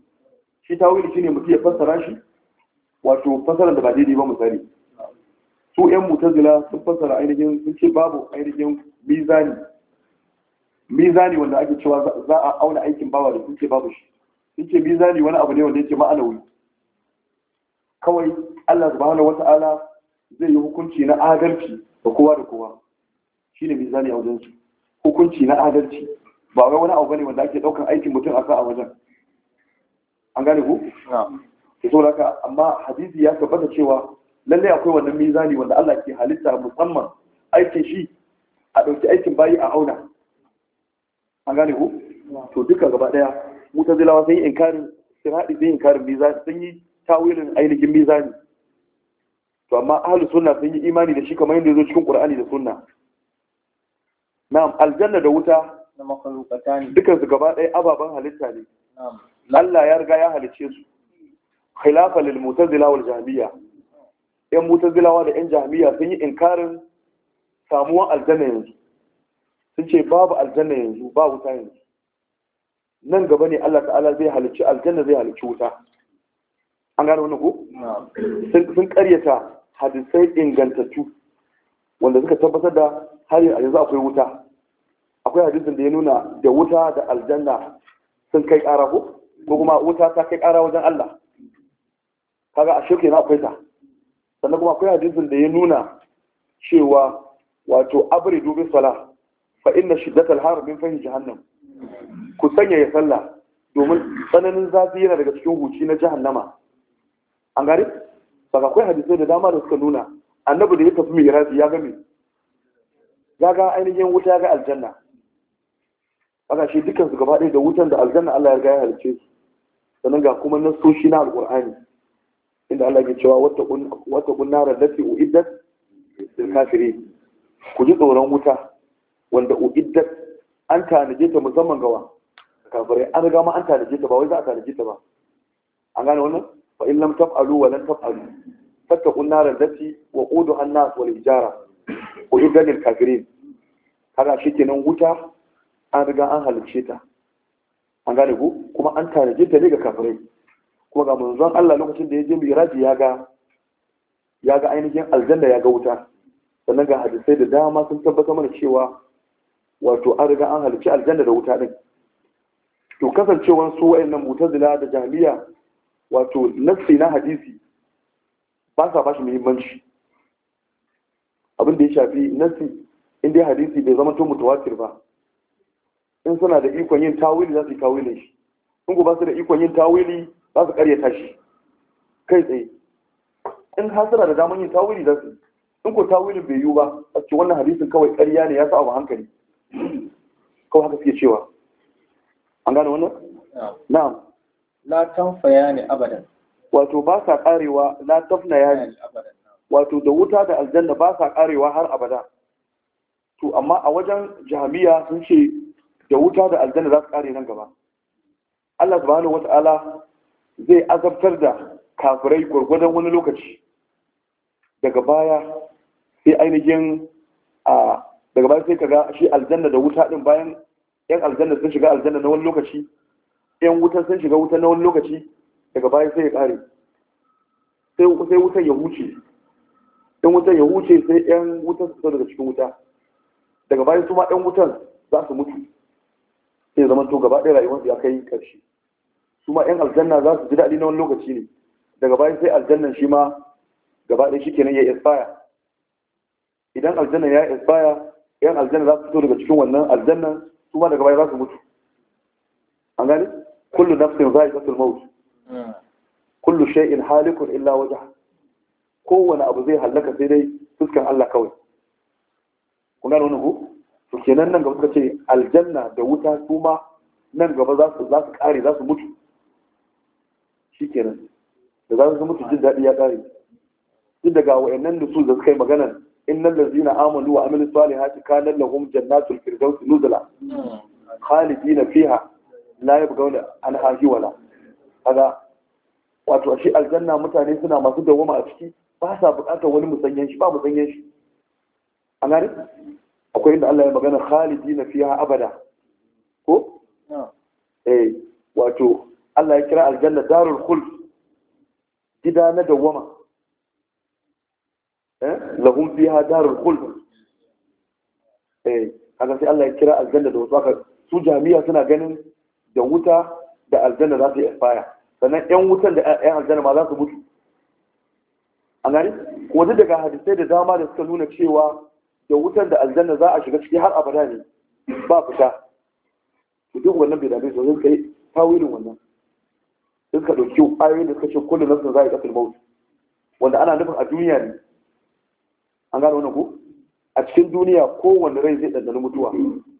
shi tawili shine mutum ya fassara shi wato fasara da ba daidai ba misali su yan mutazila sun fasara ainihin sun ce babu ainihin mizani mizani wanda ake cewa za a auna aikin bawa da sun ce babu shi sun ce mizani wani abu ne wanda yake ma'anawi kawai Allah subhanahu wata'ala zai yi hukunci na adalci ga kowa da kowa shine mizani a wajen hukunci na adalci ba wai wani abu bane wanda ake daukan aikin mutum a sa a wajen an gane ku Ki so haka amma hadisi ya tabbata cewa lallai akwai wannan mizani wanda Allah ke halitta musamman aikin shi a ɗauki aikin bayi a auna an gane ku to duka gaba ɗaya mutazilawa sun yi inkarin sirhaɗi sun yi inkarin mizani sun yi tawilin ainihin mizani to amma ahlus sunna sun yi imani da shi kamar yadda ya zo cikin qur'ani da sunna na'am aljanna da wuta na dukan su gaba ɗaya ababen halitta ne Allah ya riga ya halicce su khilafa lil mutazila wal jahmiya yan mutazila da yan jahmiya sun yi inkarin samuwar aljanna yanzu sun ce babu aljanna yanzu ba wuta yanzu nan gaba ne Allah ta'ala zai halicci aljanna zai halicci wuta an gano wannan ko sun karyata hadisai ingantattu wanda suka tabbatar da har yanzu akwai wuta akwai hadisin da ya nuna da wuta da aljanna sun kai ƙara ko ko kuma wuta ta kai ƙara wajen Allah kaga a shekai na akwai ta sannan kuma akwai hadisin da ya nuna cewa wato abri dubi sala fa inna shiddat al-har min fahi jahannam ku sanya ya sallah domin tsananin zafi yana daga cikin huci na jahannama an gari saka akwai hadisai da dama da suka nuna annabi da ya tafi mai ya ga me ya ga ainihin wuta ya ga aljanna haka shi dukkan su gaba ɗaya da wutan da aljanna Allah ya ga ya halice su sannan ga kuma nasoshi na alƙur'ani inda Allah ke cewa wata gunnara lati uiddat lil kafiri ku ji tsoron wuta wanda uiddat an tanaje ta musamman gawa kafirai an riga ma an tanaje ta ba wai za a tanaje ta ba an gane wannan fa in lam taf'alu wa lan taf'alu fattaqun da allati wa qudu nas wal hijara uiddat lil kafirin kaga shikenan wuta an riga an halice ta an gane ku kuma an tanaje ta ne ga kafirai kuma ga manzon Allah lokacin da ya je miraji ya ga ya ga ainihin aljanna ya ga wuta sannan ga hadisai da dama sun tabbatar mana cewa wato an riga an halicci aljanna da wuta din to kasancewar su wayannan mutazila da jami'a wato nafsi na hadisi ba sa ba shi muhimmanci abin da ya shafi in dai hadisi bai zama to mutawatir ba in suna da ikon yin tawili za su yi tawilin shi in ku ba su da ikon yin tawili za su karye tashi. kai tsaye in hasira da daman yin tawili za su in ko tawilin bai yiwu ba a cikin wannan hadisin kawai karya ne ya sa abu hankali kawai haka suke cewa an gane wannan na'am la ya ne abadan wato ba sa karewa la tafna ya ne wato da wuta da aljanna ba sa karewa har abada to amma a wajen jami'a sun ce da wuta da aljanna za su kare nan gaba Allah subhanahu wata'ala zai azabtar da kafirai gwargwadon wani lokaci daga baya sai ainihin a daga baya sai kaga shi aljanna da wuta din bayan yan aljanna sun shiga aljanna na wani lokaci yan wutan sun shiga wutan na wani lokaci daga baya sai ya kare sai wutan ya huce in wutan ya huce sai yan wutan su daga cikin wuta daga baya su ma yan wutan za su mutu sai zama to gaba ɗaya rayuwarsu ya kai ƙarshe su ma yan aljanna za su ji daɗi na wani lokaci ne daga bayan sai aljannan shi ma gaba ɗaya shi kenan ya expire idan aljanna ya expire yan aljanna za su fito daga cikin wannan aljannan su ma daga baya za su mutu an gani kullu nafsin za'iqatul sulmau kullu shay'in halikun illa wajh kowane abu zai hallaka sai dai fuskan Allah kawai kun gano wannan ku to kenan nan gaba suka ce aljanna da wuta su ma nan gaba za su za su kare za su mutu shikenan da za su mutu jin daɗi ya ƙare duk daga wa'annan nusu da suka yi nan innal ladzina amanu wa amilus salihati kana lahum jannatul firdaus nuzula khalidina fiha la yabghuna anha hiwala kaga wato shi aljanna mutane suna masu dawoma a ciki ba sa buƙatar wani musanyen shi ba musanyen shi an gane akwai inda Allah ya magana khalidina fiha abada ko eh wato Allah ya kira aljanna darul khuld gida na dawama eh lahum fiha darul khuld eh kaga sai Allah ya kira aljanna da wasu aka su jami'a suna ganin da wuta da aljanna za su yi expire sannan yan wutan da yan aljanna ma za su mutu an gani ko daga hadisai da dama da suka nuna cewa da wutan da aljanna za a shiga ciki har abada ne ba fita duk wannan bai dame su zai kai tawilin wannan sun ka ɗauki ayoyin da suka ce kullum nasu za a yi ƙasar maut wanda ana nufin a duniya ne an gane wani ku a cikin duniya kowanne rai zai ɗanɗani mutuwa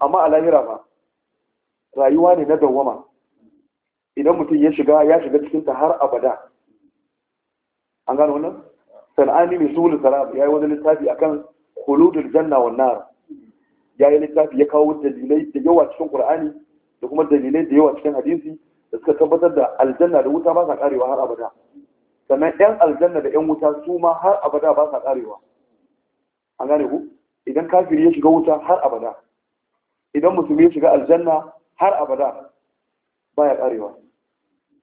amma a lahira ba rayuwa ne na dawwama idan mutum ya shiga ya shiga cikin ta har abada an gano wannan sana'ani mai sulhu salam ya yi wani littafi akan huludul janna wan nar ya yi littafi ya kawo dalilai da yawa cikin qur'ani da kuma dalilai da yawa cikin hadisi da suka tabbatar da aljanna da wuta ba sa karewa har abada sannan yan aljanna da yan wuta su ma har abada ba sa karewa an gane ku idan kafiri ya shiga wuta har abada idan musulmi ya shiga aljanna har abada ba ya karewa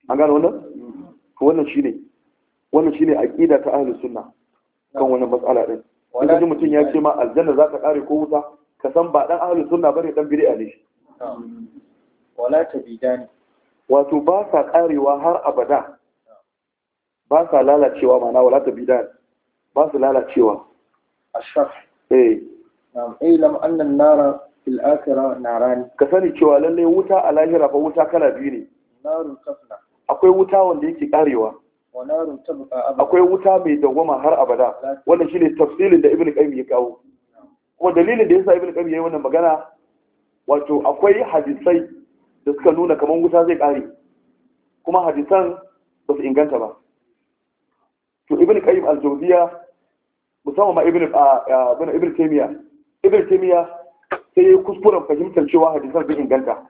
an gane wannan ko wannan shine wannan shine aqida ta ahlus sunna kan wannan matsala din idan ji mutum ya ce ma aljanna za ta kare ko wuta ka san ba dan ahlus sunna bane dan bid'a ne wala tabidani wato ba sa karewa har abada ba sa lalacewa mana wala ta bidan ba su lalacewa ashar eh ilam annan nara fil akhirah naran ka sani cewa lalle wuta a lahira wuta kala biyu ne narun akwai wuta wanda yake karewa akwai wuta mai dawwama har abada wannan shine tafsilin da ibnu qayyim ya kawo kuma dalilin da yasa ibnu qayyim ya yi wannan magana wato akwai hadisai da suka nuna kamar wuta zai ƙare kuma hadisan ba su inganta ba to ibn qayyim al-jawziya musamman ma ibn ibn ibn taymiya ibn taymiya sai ya kuskuren fahimtar cewa hadisan sun inganta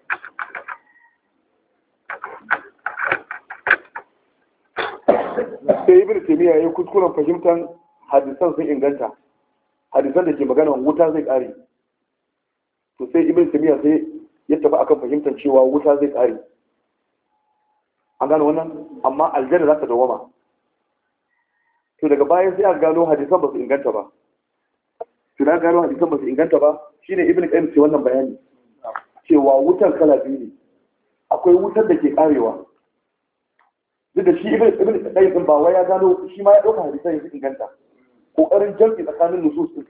sai ibn taymiya ya kuskuren fahimtar hadisan sun inganta hadisan da ke magana wuta zai ƙare to sai ibn taymiya sai ya tafi akan fahimtar cewa wuta zai kare an gano wannan amma aljanna za ta dawama to daga baya sai aka gano hadisan ba su inganta ba to na gano hadisan ba su inganta ba shine ibnu qayyim ce wannan bayani cewa wutar kala biyu ne akwai wutar da ke karewa duk da shi ibn qayyim ba wai ya gano shi ma ya dauka hadisan yanzu inganta kokarin jam'i tsakanin nusus din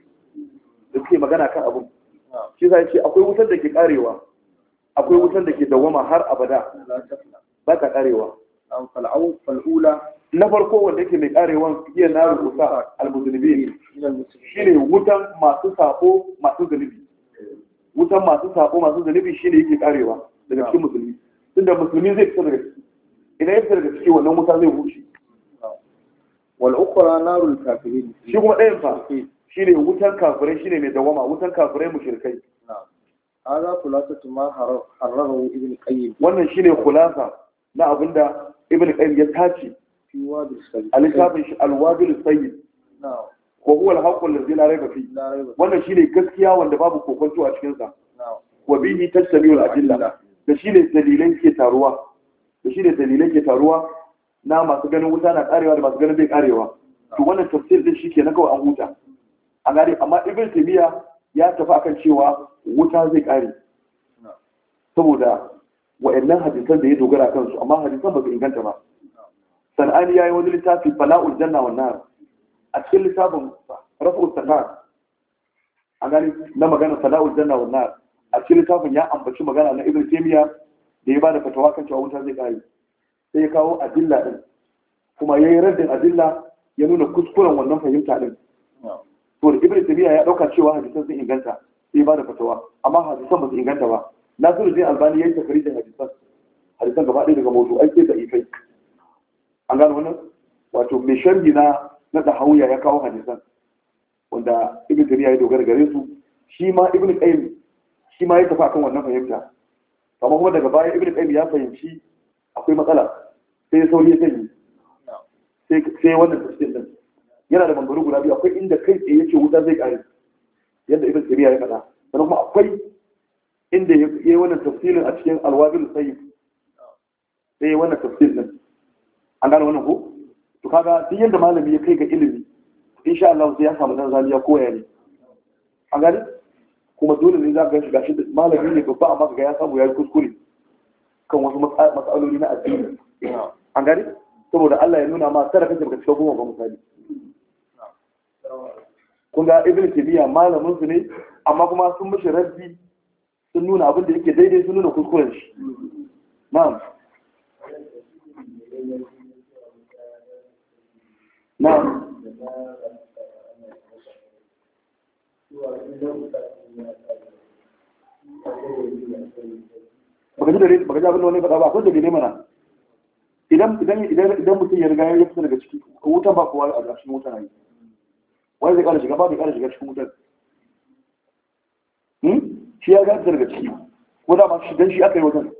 da suke magana kan abun shi yasa ce akwai wutar da ke karewa akwai wutan da ke dawama har abada ba ta karewa na farko wanda yake mai karewa iya na rubuta almuzulmi shi ne wutan masu sako masu zunubi wutan masu sako masu zunubi shi ne yake karewa daga cikin musulmi tunda musulmi zai fita daga ciki idan ya fita daga ciki wannan wuta zai huce wal ukhra narul kafirin shi kuma ɗayan fa shi ne wutan kafirai shi ne mai dawama wutan kafirai mushrikai هذا خلاصة ما حرره ابن القيم wannan shine khulasa na abinda ibn qayyim ya tace fi wabil sayyid al-kitabin shi al-wabil sayyid na'am ko huwa al-haqqu alladhi la rayba fihi wannan shine gaskiya wanda babu kokonto a cikin sa na'am wa bihi tajtami'u al-adilla da shine dalilan ke taruwa da shine dalilan ke taruwa na masu ganin wuta na karewa da masu ganin bai karewa to wannan tafsir din shi ke na kawai an huta a gare amma ibn taymiya ya tafi akan cewa wuta zai kare saboda wa'annan hadisan da ya dogara kansu amma hadisan ba su inganta ba sana'ani ya yi wani littafi bala'ul janna wannan a cikin littafin rafi'ul sanar a gani na magana bala'ul janna wannan a cikin littafin ya ambaci magana na ibn taymiya da ya ba da fatawa kan cewa wuta zai kare sai ya kawo adilla din kuma ya yi raddin adilla ya nuna kuskuren wannan fahimta din to ibn tabiya ya dauka cewa hadisan sun inganta sai ba da fatawa amma hadisan ba su inganta ba nasiru zai albani ya yi takari da hadisan hadisan gaba ɗaya daga mawdu aiki da ifai an gano wannan wato mai sharhi na na dahawiya ya kawo hadisan wanda ibn tabiya ya dogara gare su shi ma ibn qayyim shi ma ya tafi akan wannan fahimta amma kuma daga baya ibn qayyim ya fahimci akwai matsala sai ya sauri ya sanyi, sai wannan tafsir din yana da mangaro guda biyu akwai inda kai tsaye yake wuta zai kare yadda ibn tabiya ya faɗa sannan kuma akwai inda ya yi wannan tafsirin a cikin alwabil sayyid sai ya wannan tafsir din an gane wannan ko to kaga duk yadda malami ya kai ga ilimi insha Allah sai ya samu dan zaliya ko yare an gane kuma dole ne za ka shiga shi malami ne babba amma ga ya samu yayi kuskure kan wasu matsaloli na addini an gane saboda Allah ya nuna ma sarrafa da baka cika goma ba misali kun ga ibn tibiya malamin su ne amma kuma sun mishi rabbi sun nuna abin da yake daidai sun nuna kuskuren shi na'am na'am baka ji da baka ji abin da wani faɗa ba akwai dalilai mana idan idan idan mutum ya riga ya fita daga ciki wutan ba kowa a cikin wutan ne wani zai kara shiga babu kara shiga cikin wutar hmm? shi ya gada daga ciki ko da masu shigan shi aka yi wajen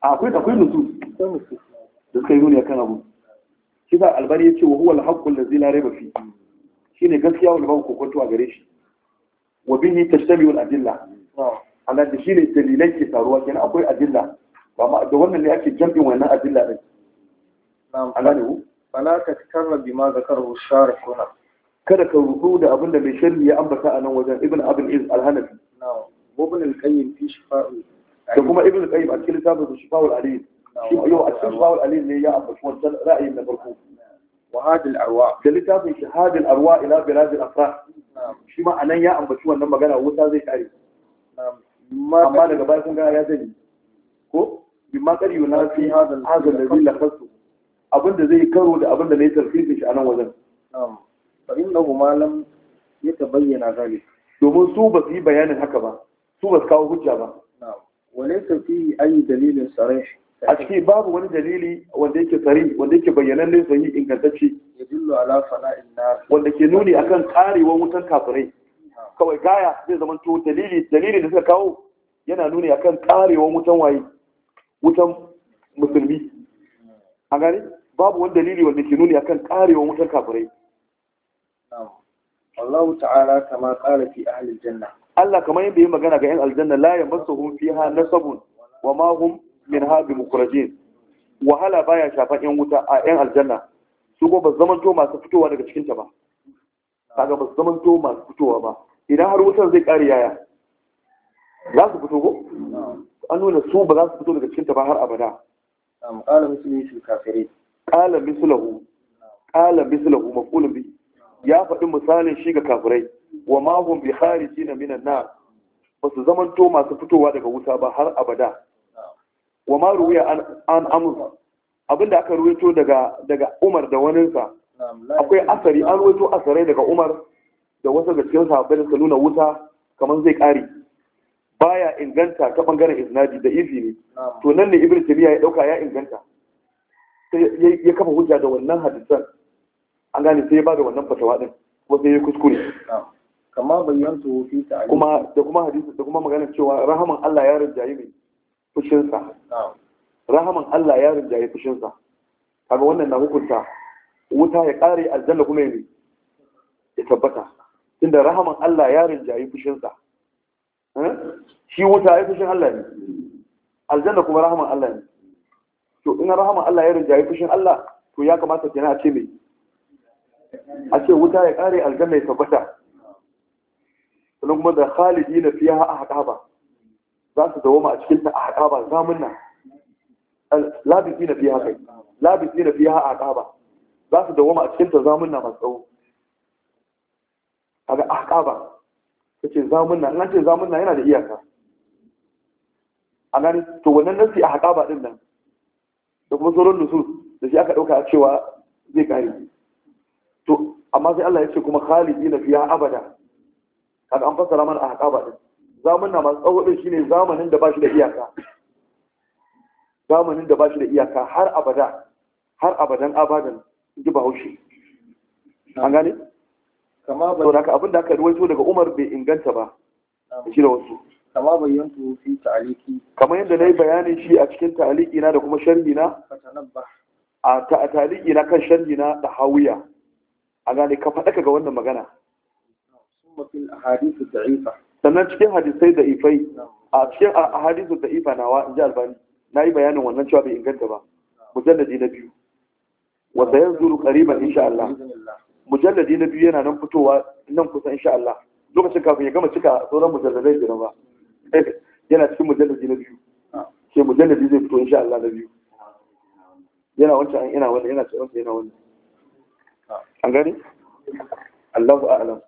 akwai akwai nusu da suka yi nuni a kan abu shi da albari ya ce wa huwa alhaqqul ladzi la rayba fi shine gaskiya wanda babu kokonto a gare shi wa bihi tajtabi'u al-adilla nan da shine dalilai ke taruwa kenan akwai adilla ba da wannan ne ake jamfin wannan adilla ɗin alanu fala ta karra bima zakarahu sharh kuna kada ka rudu da abin da mai sharri ya ambata a nan wajen ibn abul iz al-hanafi na'am ibn al-qayyim fi shifa'u da kuma ibn al-qayyim a cikin littafin da shifa'u al-alim yau a cikin shifa'u al-alim ne ya ambaci wannan ra'ayin na farko wa hadil arwa da littafin shahadil arwa ila bilad al-afrah shi ma anan ya ambaci wannan magana wuta zai tare amma daga bayan kun gana ya zani ko bimma na yunafi hadha al-ladhi lafasu abin da zai karo da abin da na yi tarfifin shi a nan wajen fa innahu ma lam yatabayyana zalik domin su ba su yi bayanin haka ba su ba su kawo hujja ba Wane walaysa fi yi dalilin shi? a ciki babu wani dalili wanda yake sari wanda yake bayyananne sahi ingantacce yadullu ala fana'in wanda ke nuni akan karewar wutan kafirai kawai gaya zai zama to dalili dalili da suka kawo yana nuni akan karewar wutan waye wutan musulmi hmm. a gani babu wani dalili wanda ke nuni akan karewa wutar kafirai Allah ta'ala kama qala fi ahli janna. Allah kamar yadda yayi magana ga yan aljanna la yamassuhum fiha nasabun wa ma hum min hadhi mukhrajin wahala baya shafan yan wuta a yan aljanna su ko ba zaman to masu fitowa daga cikin ta ba kaga ba zaman to masu fitowa ba idan har wutar zai kare yaya za su fito ko an nuna su ba za su fito daga cikin ta ba har abada am qala muslimi fil kafirin qala mislahu qala mislahu maqulun bi ya faɗi misalin shi ga kafirai wa ma hum bi kharijina minan nar ba su zamanto masu fitowa daga wuta ba har abada wa ma ruwiya an amr abinda aka ruwaito daga daga Umar da waninsa akwai asari an ruwaito asarai daga Umar da wasu ga cikin sahabbai da nuna wuta kamar zai kare baya inganta ta bangaren isnadi da ifi ne to nan ne Ibn Taymiyyah ya dauka ya inganta sai ya kafa hujja da wannan hadisan an gane sai ya bada wannan fatawa din kuma sai ya kuskure kama bayyantu fi kuma da kuma hadisi da kuma magana cewa rahaman Allah ya rinjaye mai fushin sa rahaman Allah ya rinjaye fushin sa kaga wannan na hukunta wuta ya kare aljanna kuma ya ya tabbata Inda rahaman Allah ya rinjaye fushin sa eh? shi wuta ya fushin Allah ne aljanna kuma rahaman Allah ne to in rahama Allah ya rinjaye fushin Allah to ya kamata kenan a ce mai a ce wuta ya kare aljanna ya tabbata sannan kuma da khalidi na fiya a haƙaba? za su dawoma a cikin ta a haƙaba haɗaba zamunna labisi na fiya kai labisi na fiya a haƙaba. za su dawoma a cikin ta zamun zamunna masu tsawo a ga haƙaba? ta ce zamun in an ce zamun zamunna yana da iyaka a nan to wannan nasi a haƙaba ɗin nan da kuma sauran nusus da shi aka ɗauka cewa zai ƙare to amma sai Allah ya ce kuma khalidi na fiya abada kaga an fassara mana a haƙaba din zamanin na masu tsawo din shine zamanin da ba shi da iyaka zamanin da ba shi da iyaka har abada har abadan abadan ji bahaushe an gane? kama ba da abin da aka ruwaito daga umar bai inganta ba shi da wasu kama bayyantu fi ta'aliki kamar yadda na yi bayanin shi a cikin ta'aliki na da kuma sharhi na a ta'aliki na kan sharhi na da hawiya a gane ka faɗa ga wannan magana sannan cikin hadisai da ifai a cikin hadisun da ifa na in albani na yi bayanin wannan cewa bai inganta ba mujalladi na biyu wanda yan zuru kariban insha Allah mujalladi na biyu yana nan fitowa nan kusa insha Allah lokacin kafin ya gama cika sauran mujalladai kenan ba yana cikin mujallabi na biyu sai ah. mujallabi zai fito insha Allah na biyu yana wancan ina wannan yana cikin yana wannan ah. an gani Allahu a'lam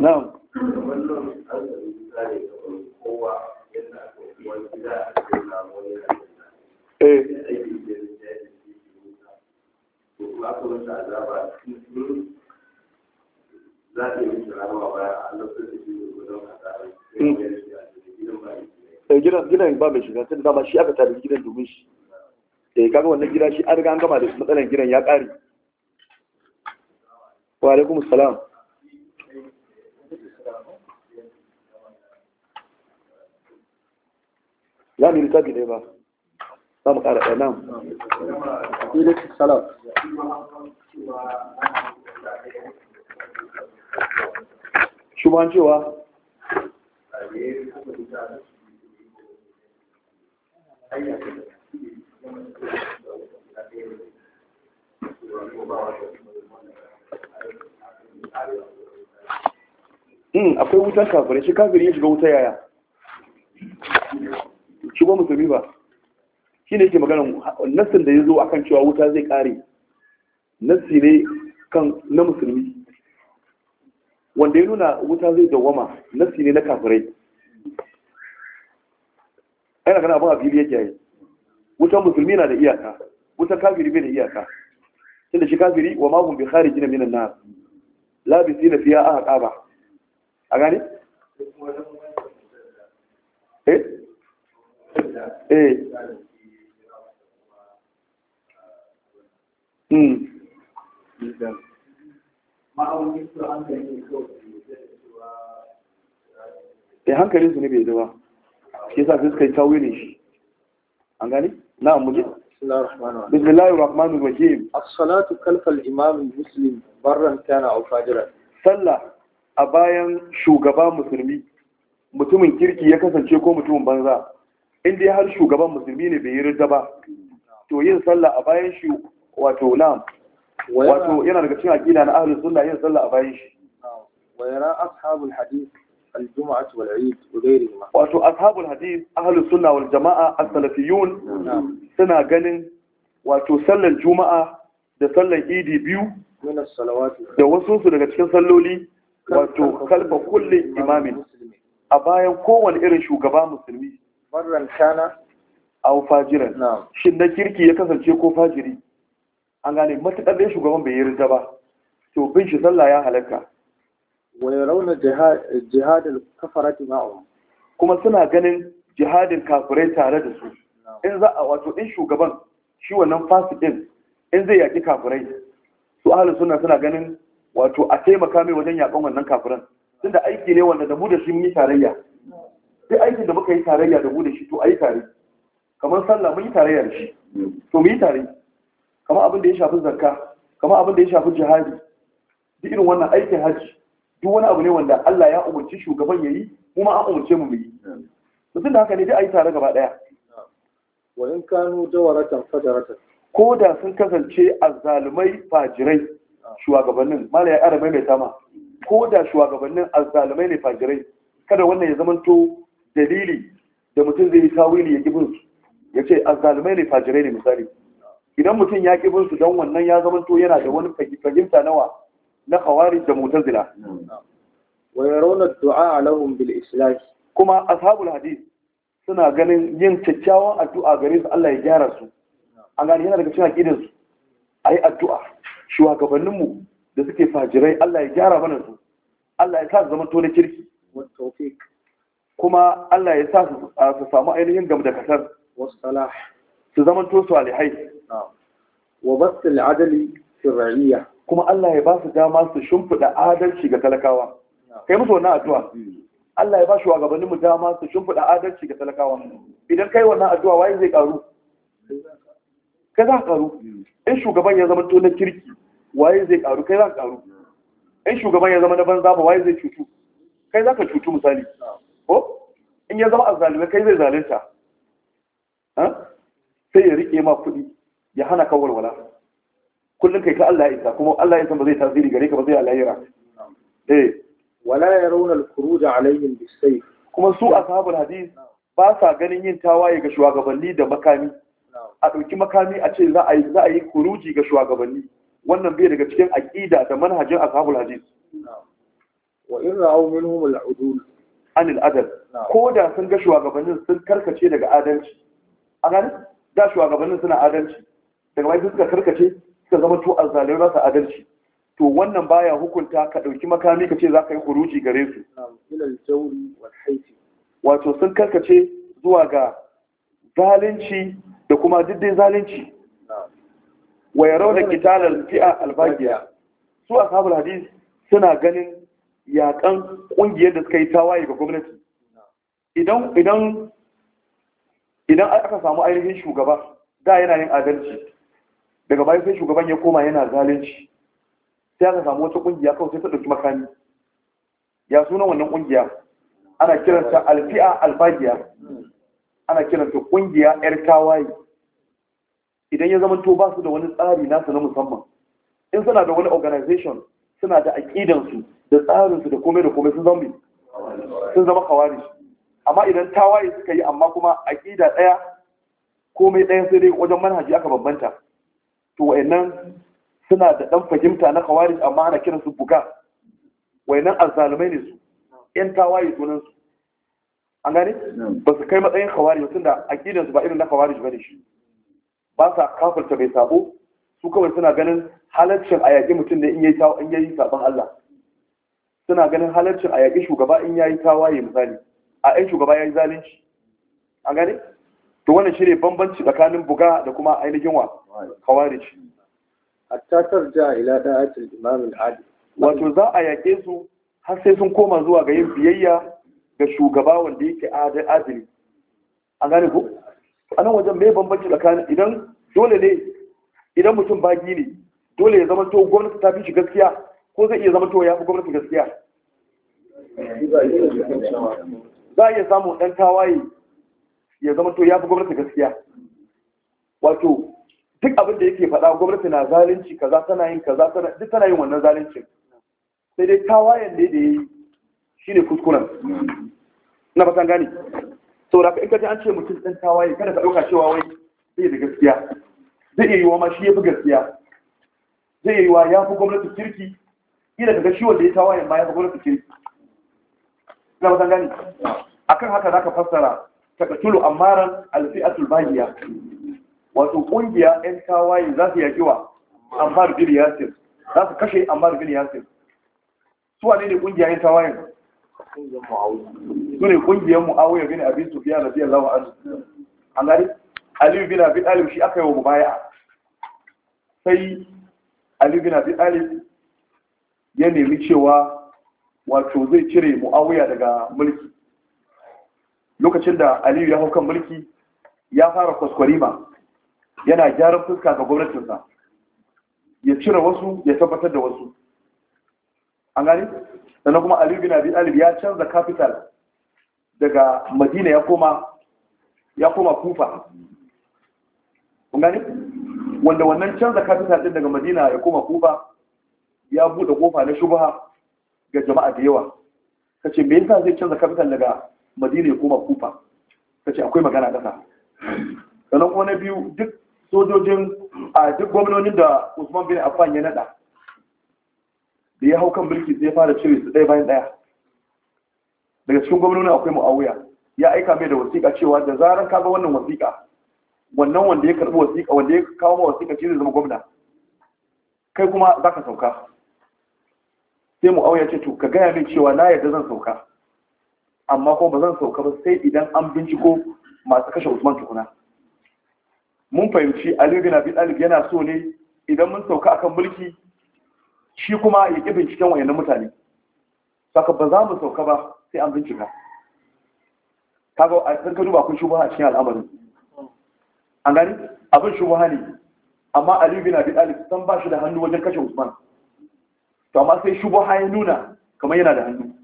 Na'am. Eh. ko azaba cikin za ta yi a lokacin da ke gidan gidan ba mai shiga tun dama shi aka tabi gidan domin shi da eh, ya kaga wannan gida shi an riga an gama da matsalan gidan ya ƙare wa alaikum salam za mu yi littafi ne ba za mu ƙara cewa hmm, akwai wutan kafirai shi kafirai ya shiga wuta yaya shi ba musulmi ba Shi ne ke magana nassin da ya zo akan cewa wuta zai kare nassi ne kan na musulmi wanda ya nuna wuta zai dawama nassi ne na kafirai ana kana abin abin yake yi wutan musulmi na da iyaka wutan kafiri bai da iyaka tunda shi kafiri wa ma hum bi kharijin min an-nar labisina fiha ahqaba a gani? eh eh da hmm. eh, hankalin su ne bai zuwa shi sa sai suka yi ne shi an gani na amuli bismillahir rahmanir rahim as-salatu kalfal imam muslim barran kana aw fajira sallah a bayan shugaba musulmi mutumin kirki ya kasance ko mutumin banza inda har shugaban musulmi ne bai yi ridda ba to yin sallah a bayan shi wato nan wato yana daga cikin aqida na ahlus sunna yin sallah a bayan shi wa yara ashabul hadith aljum'ah wal eid wa ghayrihima wato ashabul hadith ahlus sunna jamaa as suna ganin wato sallar jumaa da sallar eid biyu da wasu daga cikin salloli wato kalba kullin imamin a bayan kowane irin shugaba musulmi barran kana aw fajiran shin na kirki ya kasance ko fajiri an gane matuƙar dai shugaban bai yi rinta ba to bin shi sallah ya halaka wa yarawna jihadul kafarati ma'ahum kuma suna ganin jihadin kafirai tare da su in za a wato in shugaban shi wannan fasikin in zai yaƙi kafirai su ahalin suna suna ganin wato a taimaka mai wajen yaƙon wannan kafiran tun da aiki ne wanda da mu da shi mun yi tarayya duk aikin da muka yi tarayya da mu da shi to a yi tare kamar sallah mun yi tarayya da shi to mu yi tarayya kamar abin da ya shafi zarka kamar abin da ya shafi jihadi duk irin wannan aikin hajji duk wani abu ne wanda Allah ya umarci shugaban yayi kuma an umarce mu yi to da haka ne dai ayi tare gaba daya wajen kanu dawaratan fadaratan ko da sun kasance azzalumai fajirai shugabannin mala ya arabai mai tama ko da shugabannin azzalumai ne fajirai kada wannan ya zamanto dalili da mutum zai yi tawili ya kibin ya ce azzalumai ne fajirai ne misali idan mutum ya ƙi bin su don wannan ya zama to yana da wani fahimta nawa na khawarij da mutazila wa yarawna du'a lahum bil islah kuma ashabul hadith suna ganin yin kyakkyawan addu'a gare su Allah ya gyara su an gani yana daga cikin aqidar su ayi addu'a shugabannin mu da suke fajirai Allah ya gyara mana su Allah ya sa su zama to na kirki wa kuma Allah ya sa su samu ainihin gam da kasar su zama to salihai wa basil adali kuma Allah ya ba su dama su shimfida adalci ga talakawa kai musu wannan addu'a hmm. Allah ya ba shi wagabanninmu dama su shimfida adalci ga talakawa idan kai wannan addu'a waye zai karu kai za ka karu hmm. in shugaban ya zama tonan kirki waye zai karu kai za ka karu in shugaban ya zama na banza ba waye zai cutu kai za ka cutu misali ko in ya zama azzalime kai zai zalunta sai ya rike ma kuɗi ya hana ka walwala kullum kai ka Allah ya isa kuma Allah ya san ba zai tasiri gare ka ba zai yi lahira eh wala yarawna al-khuruj alayhim bis-sayf kuma su ashabul hadith ba sa ganin yin tawaye ga shugabanni da makami a ɗauki makami a ce za a yi za a yi kuruji ga shugabanni wannan bai daga cikin aqida da manhajin ashabul hadith wa in ra'aw minhum al-udul an al adab ko da sun ga shugabannin sun karkace daga adalci a ga da shugabannin suna adalci daga bayan suka karkace suka zama to azzalimai ba su adalci to wannan baya hukunta ka ɗauki makami ka ce za ka yi huruji gare su wato sun karkace zuwa ga zalunci da kuma diddin zalunci wa ya rauna kitalar fi'a albagiya su ashabul hadis suna ganin yakan ƙungiyar da suka yi tawaye ga gwamnati idan aka samu ainihin shugaba da yana yin adalci daga bayan sai shugaban ya koma yana zalunci sai aka samu wata kungiya kawai sai ta ɗauki makami ya suna wannan kungiya ana kiranta alfi'a alfagiya ana kiranta kungiya yar tawaye idan ya zama to ba su da wani tsari nasu na musamman in suna da wani organization suna da aƙidansu da tsarinsu da komai da komai sun zama sun zama kawari amma idan tawaye suka yi amma kuma aƙida ɗaya komai ɗaya sai dai wajen manhaji aka bambanta to wayannan suna da dan fahimta na khawarij amma ana kiran su buga wayannan azzalumai ne su yan tawaye sunan su an gane ba su kai matsayin ba, tunda aqidan su ba irin na khawarij bane shi ba sa kafirta bai sabo su kawai suna ganin halaccin a yaƙi mutum da in yayi tawa in yayi sabon Allah suna ganin halaccin a yaƙi shugaba in yayi tawaye misali a ɗan shugaba yayi zalunci an gane to wannan shine bambanci tsakanin buga da kuma ainihin wa khawarij hatta tarja ila da'atil imam al-adil wato za a yake su har sai sun koma zuwa ga yin biyayya ga shugaba wanda yake adali an gane ko a nan wajen me bambanci tsakanin idan dole ne idan mutum bagi ne dole ya zama to gwamnati ta fi shi gaskiya ko zai iya zama to ya fi gwamnati gaskiya za a iya samun ɗan tawaye ya zama to ya fi gwamnati gaskiya wato duk abin da yake faɗa gwamnati na zalunci kaza tana yin kaza tana duk tana yin wannan zaluncin sai dai tawayen da da yi shine kuskuren na fatan gane saboda ka in ka ji an ce mutum ɗan tawaye kada ka ɗauka cewa wai zai yi da gaskiya zai iya wa ma shi ya fi gaskiya zai iya wa ya fi gwamnati kirki Ina daga shi wanda ya tawayen ma ya fi gwamnati kirki na fatan gane akan haka za ka fassara taqtulu ammaran alfi'atul bahiya wato kungiya ɗan tawaye za su yaki wa ammar bin yasir za su kashe ammar bin yasir su wane ne kungiya ɗan tawayen su ne kungiyar mu'awuyar bin abi biyan lawa anhu an gari aliyu bin abin alif shi aka yi wa mubaya sai aliyu bin abin alif ya nemi cewa wato zai cire mu'awuyar daga mulki lokacin da aliyu ya hau kan mulki ya fara kwaskwarima yana gyaran fuska ga gwamnatinsa ya cire wasu ya tabbatar da wasu an gani sannan kuma aliyu bin abi alib ya canza capital daga madina ya koma ya koma kufa gani wanda wannan canza capital din daga madina ya koma kufa ya buɗe kofa na shubha ga jama'a da yawa kace me yasa zai canza capital daga madina ya koma kufa ta ce akwai magana ƙasa sannan kuma na biyu duk sojojin a duk gwamnonin da usman bin affan ya naɗa da ya hau kan mulki sai fara cire su ɗaya bayan ɗaya daga cikin gwamnonin akwai mu'awuya ya aika mai da wasiƙa cewa da zaran ka ga wannan wasiƙa wannan wanda ya karɓi wasiƙa wanda ya kawo ma wasiƙa shi zai zama gwamna kai kuma za ka sauka sai mu'awiya ce to ka gaya min cewa na yadda zan sauka amma ko ba zan sauka ba sai idan an binciko masu kashe Usman tukuna mun fahimci Aliyu bin Abi Talib yana so ne idan mun sauka akan mulki shi kuma ya ƙi binciken wayannan mutane saka ba za mu sauka ba sai an bincika kaga a san ka duba kun shubu a cikin al'amarin an gani abin ha ne amma Aliyu bin Abi Talib san ba shi da hannu wajen kashe Usman to amma sai ha ya nuna kamar yana da hannu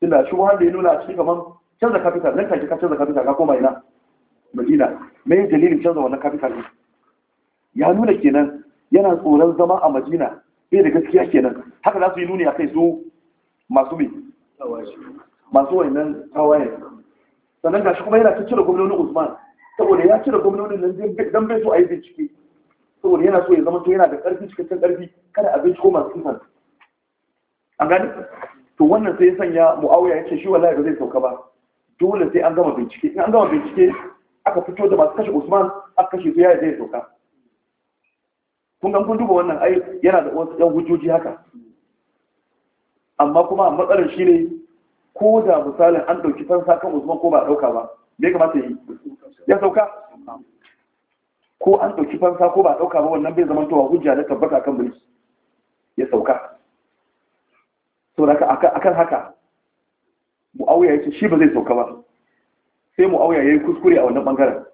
tunda shi wanda ya nuna shi kamar canza kafita nan kake ka canza kafita ka koma ina Madina me dalilin canza wannan kafita ne ya nuna kenan yana tsoron zama a Madina fiye da gaskiya kenan haka za su yi nuni a kai su masu bi masu wannan tawaye sannan gashi kuma yana ta cire gwamnonin Usman saboda ya cire gwamnonin nan dan bai so a yi bincike saboda yana so ya zama to yana da karfi cikakken karfi kada a binciko masu kisan an gani to wannan sai ya sanya muawiya ya ce shi wallahi ba zai sauka ba dole sai an gama bincike in an gama bincike aka fito da masu kashe usman aka kashe su ya zai sauka kun ga kun duba wannan ai yana da wasu yan hujjoji haka amma kuma matsalar shi ne ko da misalin an ɗauki fansa kan usman ko ba ɗauka ba me kamata yi ya sauka ko an ɗauki fansa ko ba ɗauka ba wannan bai zama towa hujja na tabbata kan mulki ya sauka saboda akan haka mu'awiya ya ce shi ba zai sauka ba sai mu'awiya ya yi kuskure a wannan bangaren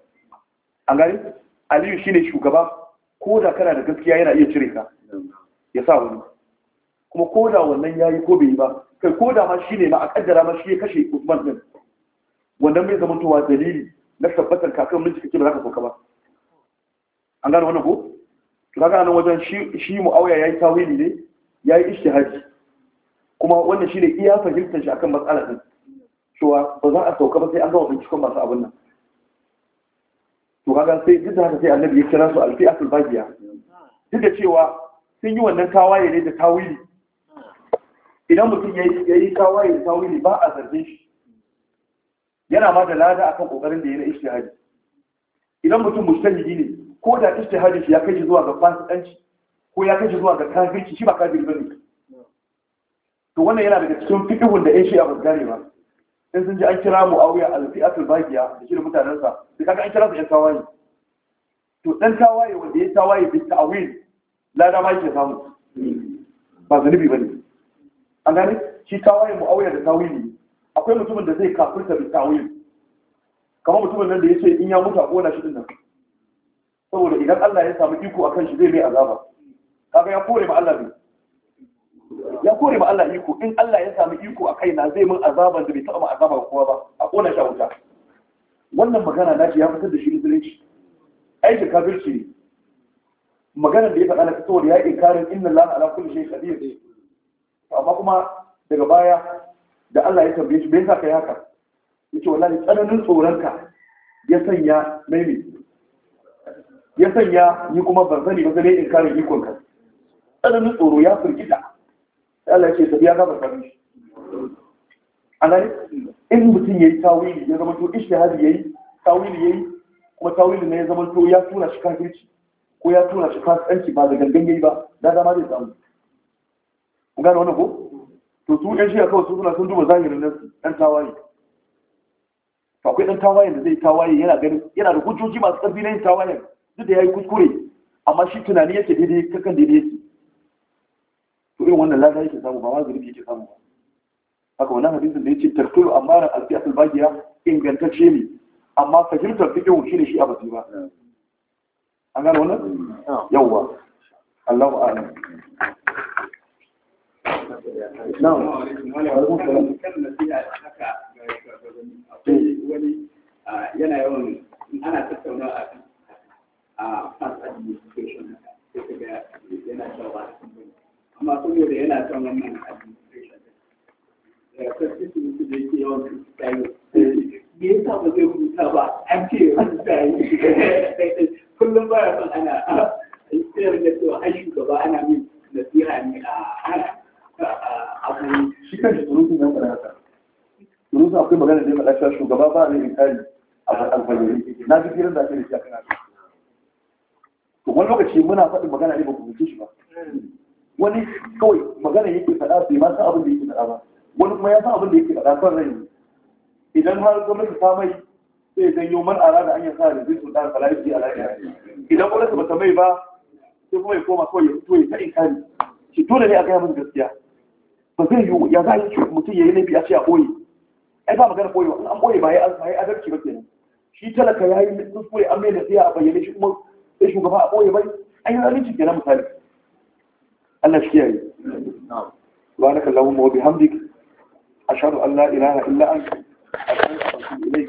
an gani aliyu shi ne shugaba ko da kana da gaskiya yana iya cire ka ya sa wani kuma ko da wannan ya yi ko bai yi ba kai ko da ma shi ne ma a kaddara ma shi ya kashe usman din wannan bai zama towa dalili na tabbatar kakan mun cikakke ba za ka sauka ba an gani wannan ko to kaga nan wajen shi shi ya yi tawili ne ya yayi ijtihadi kuma wannan shine iya fahimtar shi akan matsalar din cewa ba za a sauka ba sai an gama binciken masu abin nan to kaga sai duk da haka sai annabi ya kira su asul bagiya duk da cewa sun yi wannan kawaye ne da tawili idan mutum ya yi kawaye da tawili ba a zargin shi yana ma da lada akan kokarin da ya na ishtihadi idan mutum mujtahidi ne ko da ishtihadi shi ya kai shi zuwa ga fasikanci ko ya kai shi zuwa ga kafirci shi ba kafiri bane to wannan yana daga cikin fiqhun da ya shi a gane ba in sun ji an kira muawiya a fiatul baqiya da shi da mutanensa da kaga an kira su yan tawaye to dan tawaye wanda ya tawaye bi ta'wil la da ma yake samu ba ba bane an gani shi tawaye muawiya da tawili akwai mutumin da zai kafirta bi ta'wil kamar mutumin nan da yace in ya mutu a kona shi din nan saboda idan Allah ya samu iko akan shi zai mai azaba kaga ya kore ma Allah ne ya kore ba Allah iko in Allah ya sami iko a kaina zai min azaban da bai taɓa ma azaba kowa ba a ƙona sha wuta wannan magana na ce ya fitar da shi musulunci ka kafirci ne maganar da ya faɗa na fitowar ya inkarin inna Allah ala kulli shay qadir amma kuma daga baya da Allah ya tambaye shi me yasa kai haka yace wallahi tsananin tsoronka ya sanya mai ya sanya ni kuma ban sani ba sai inkarin ikon ka tsananin tsoro ya firgita Allah ce tafi ya gaba shi. a gani, in mutum ya yi tawili ya zama to ishi ya yi tawili ya yi kuma tawili ne ya zama to ya tura shi kafirci ko ya tura shi kasuwanci ba da gangan yayi ba da dama zai samu kun gane wannan ko to su yan shiya kawai su suna sun duba zahirin nan dan tawaye to akwai dan tawaye da zai tawaye yana ganin yana da hujjoji masu karfi na yin tawayen duk da yayi kuskure amma shi tunani yake daidai kakan daidai yake irin wannan lada yake samu ba ma zunubi yake samu ba haka wannan hadisin da yace tarkulu amara al-fi'at al ingantacce ne amma fahimtar fiqh shi ne shi a basira ba an gano wannan yawa Allahu a'lam na'am amma saboda yana kan wannan administration da kwasisi mutu da yake yawan rubuta yi me yasa ba zai rubuta ba an ce ya rubuta yi kullum ba ya san ana sayar da cewa an shugaba ana min nasiha ne a abu shi kan shi turutun yan faɗa haka turutun akwai magana da ya faɗa cewa shugaba ba zai inkari a alfajiri na fi firar da ake da shi a kan to wani lokaci muna faɗin magana ne ba ku rubuce shi ba wani kawai magana yake faɗa bai ma san abin da yake faɗa ba wani kuma ya san abin da yake faɗa son rai idan har gwamnati ta mai sai yi man ara da hanyar sa da zai su dan salafi a lafiya idan gwamnati bata mai ba sai kuma ya koma kawai ya fito ya ta inkari shi dole ne a gaya mun gaskiya ba zai yi ya za yi mutum ya yi laifi a ce a ɓoye ai ba magana ɓoye ba an ɓoye ba ya yi adalci ba kenan shi talaka ya yi kuskure an mai nasiya a bayyane shi kuma sai shugaba a ɓoye bai an yi adalci kenan misali أنا يعني. نعم. الأشياء بارك اللهم وبحمدك أشهد أن لا إله إلا أنت أشهد أن إليك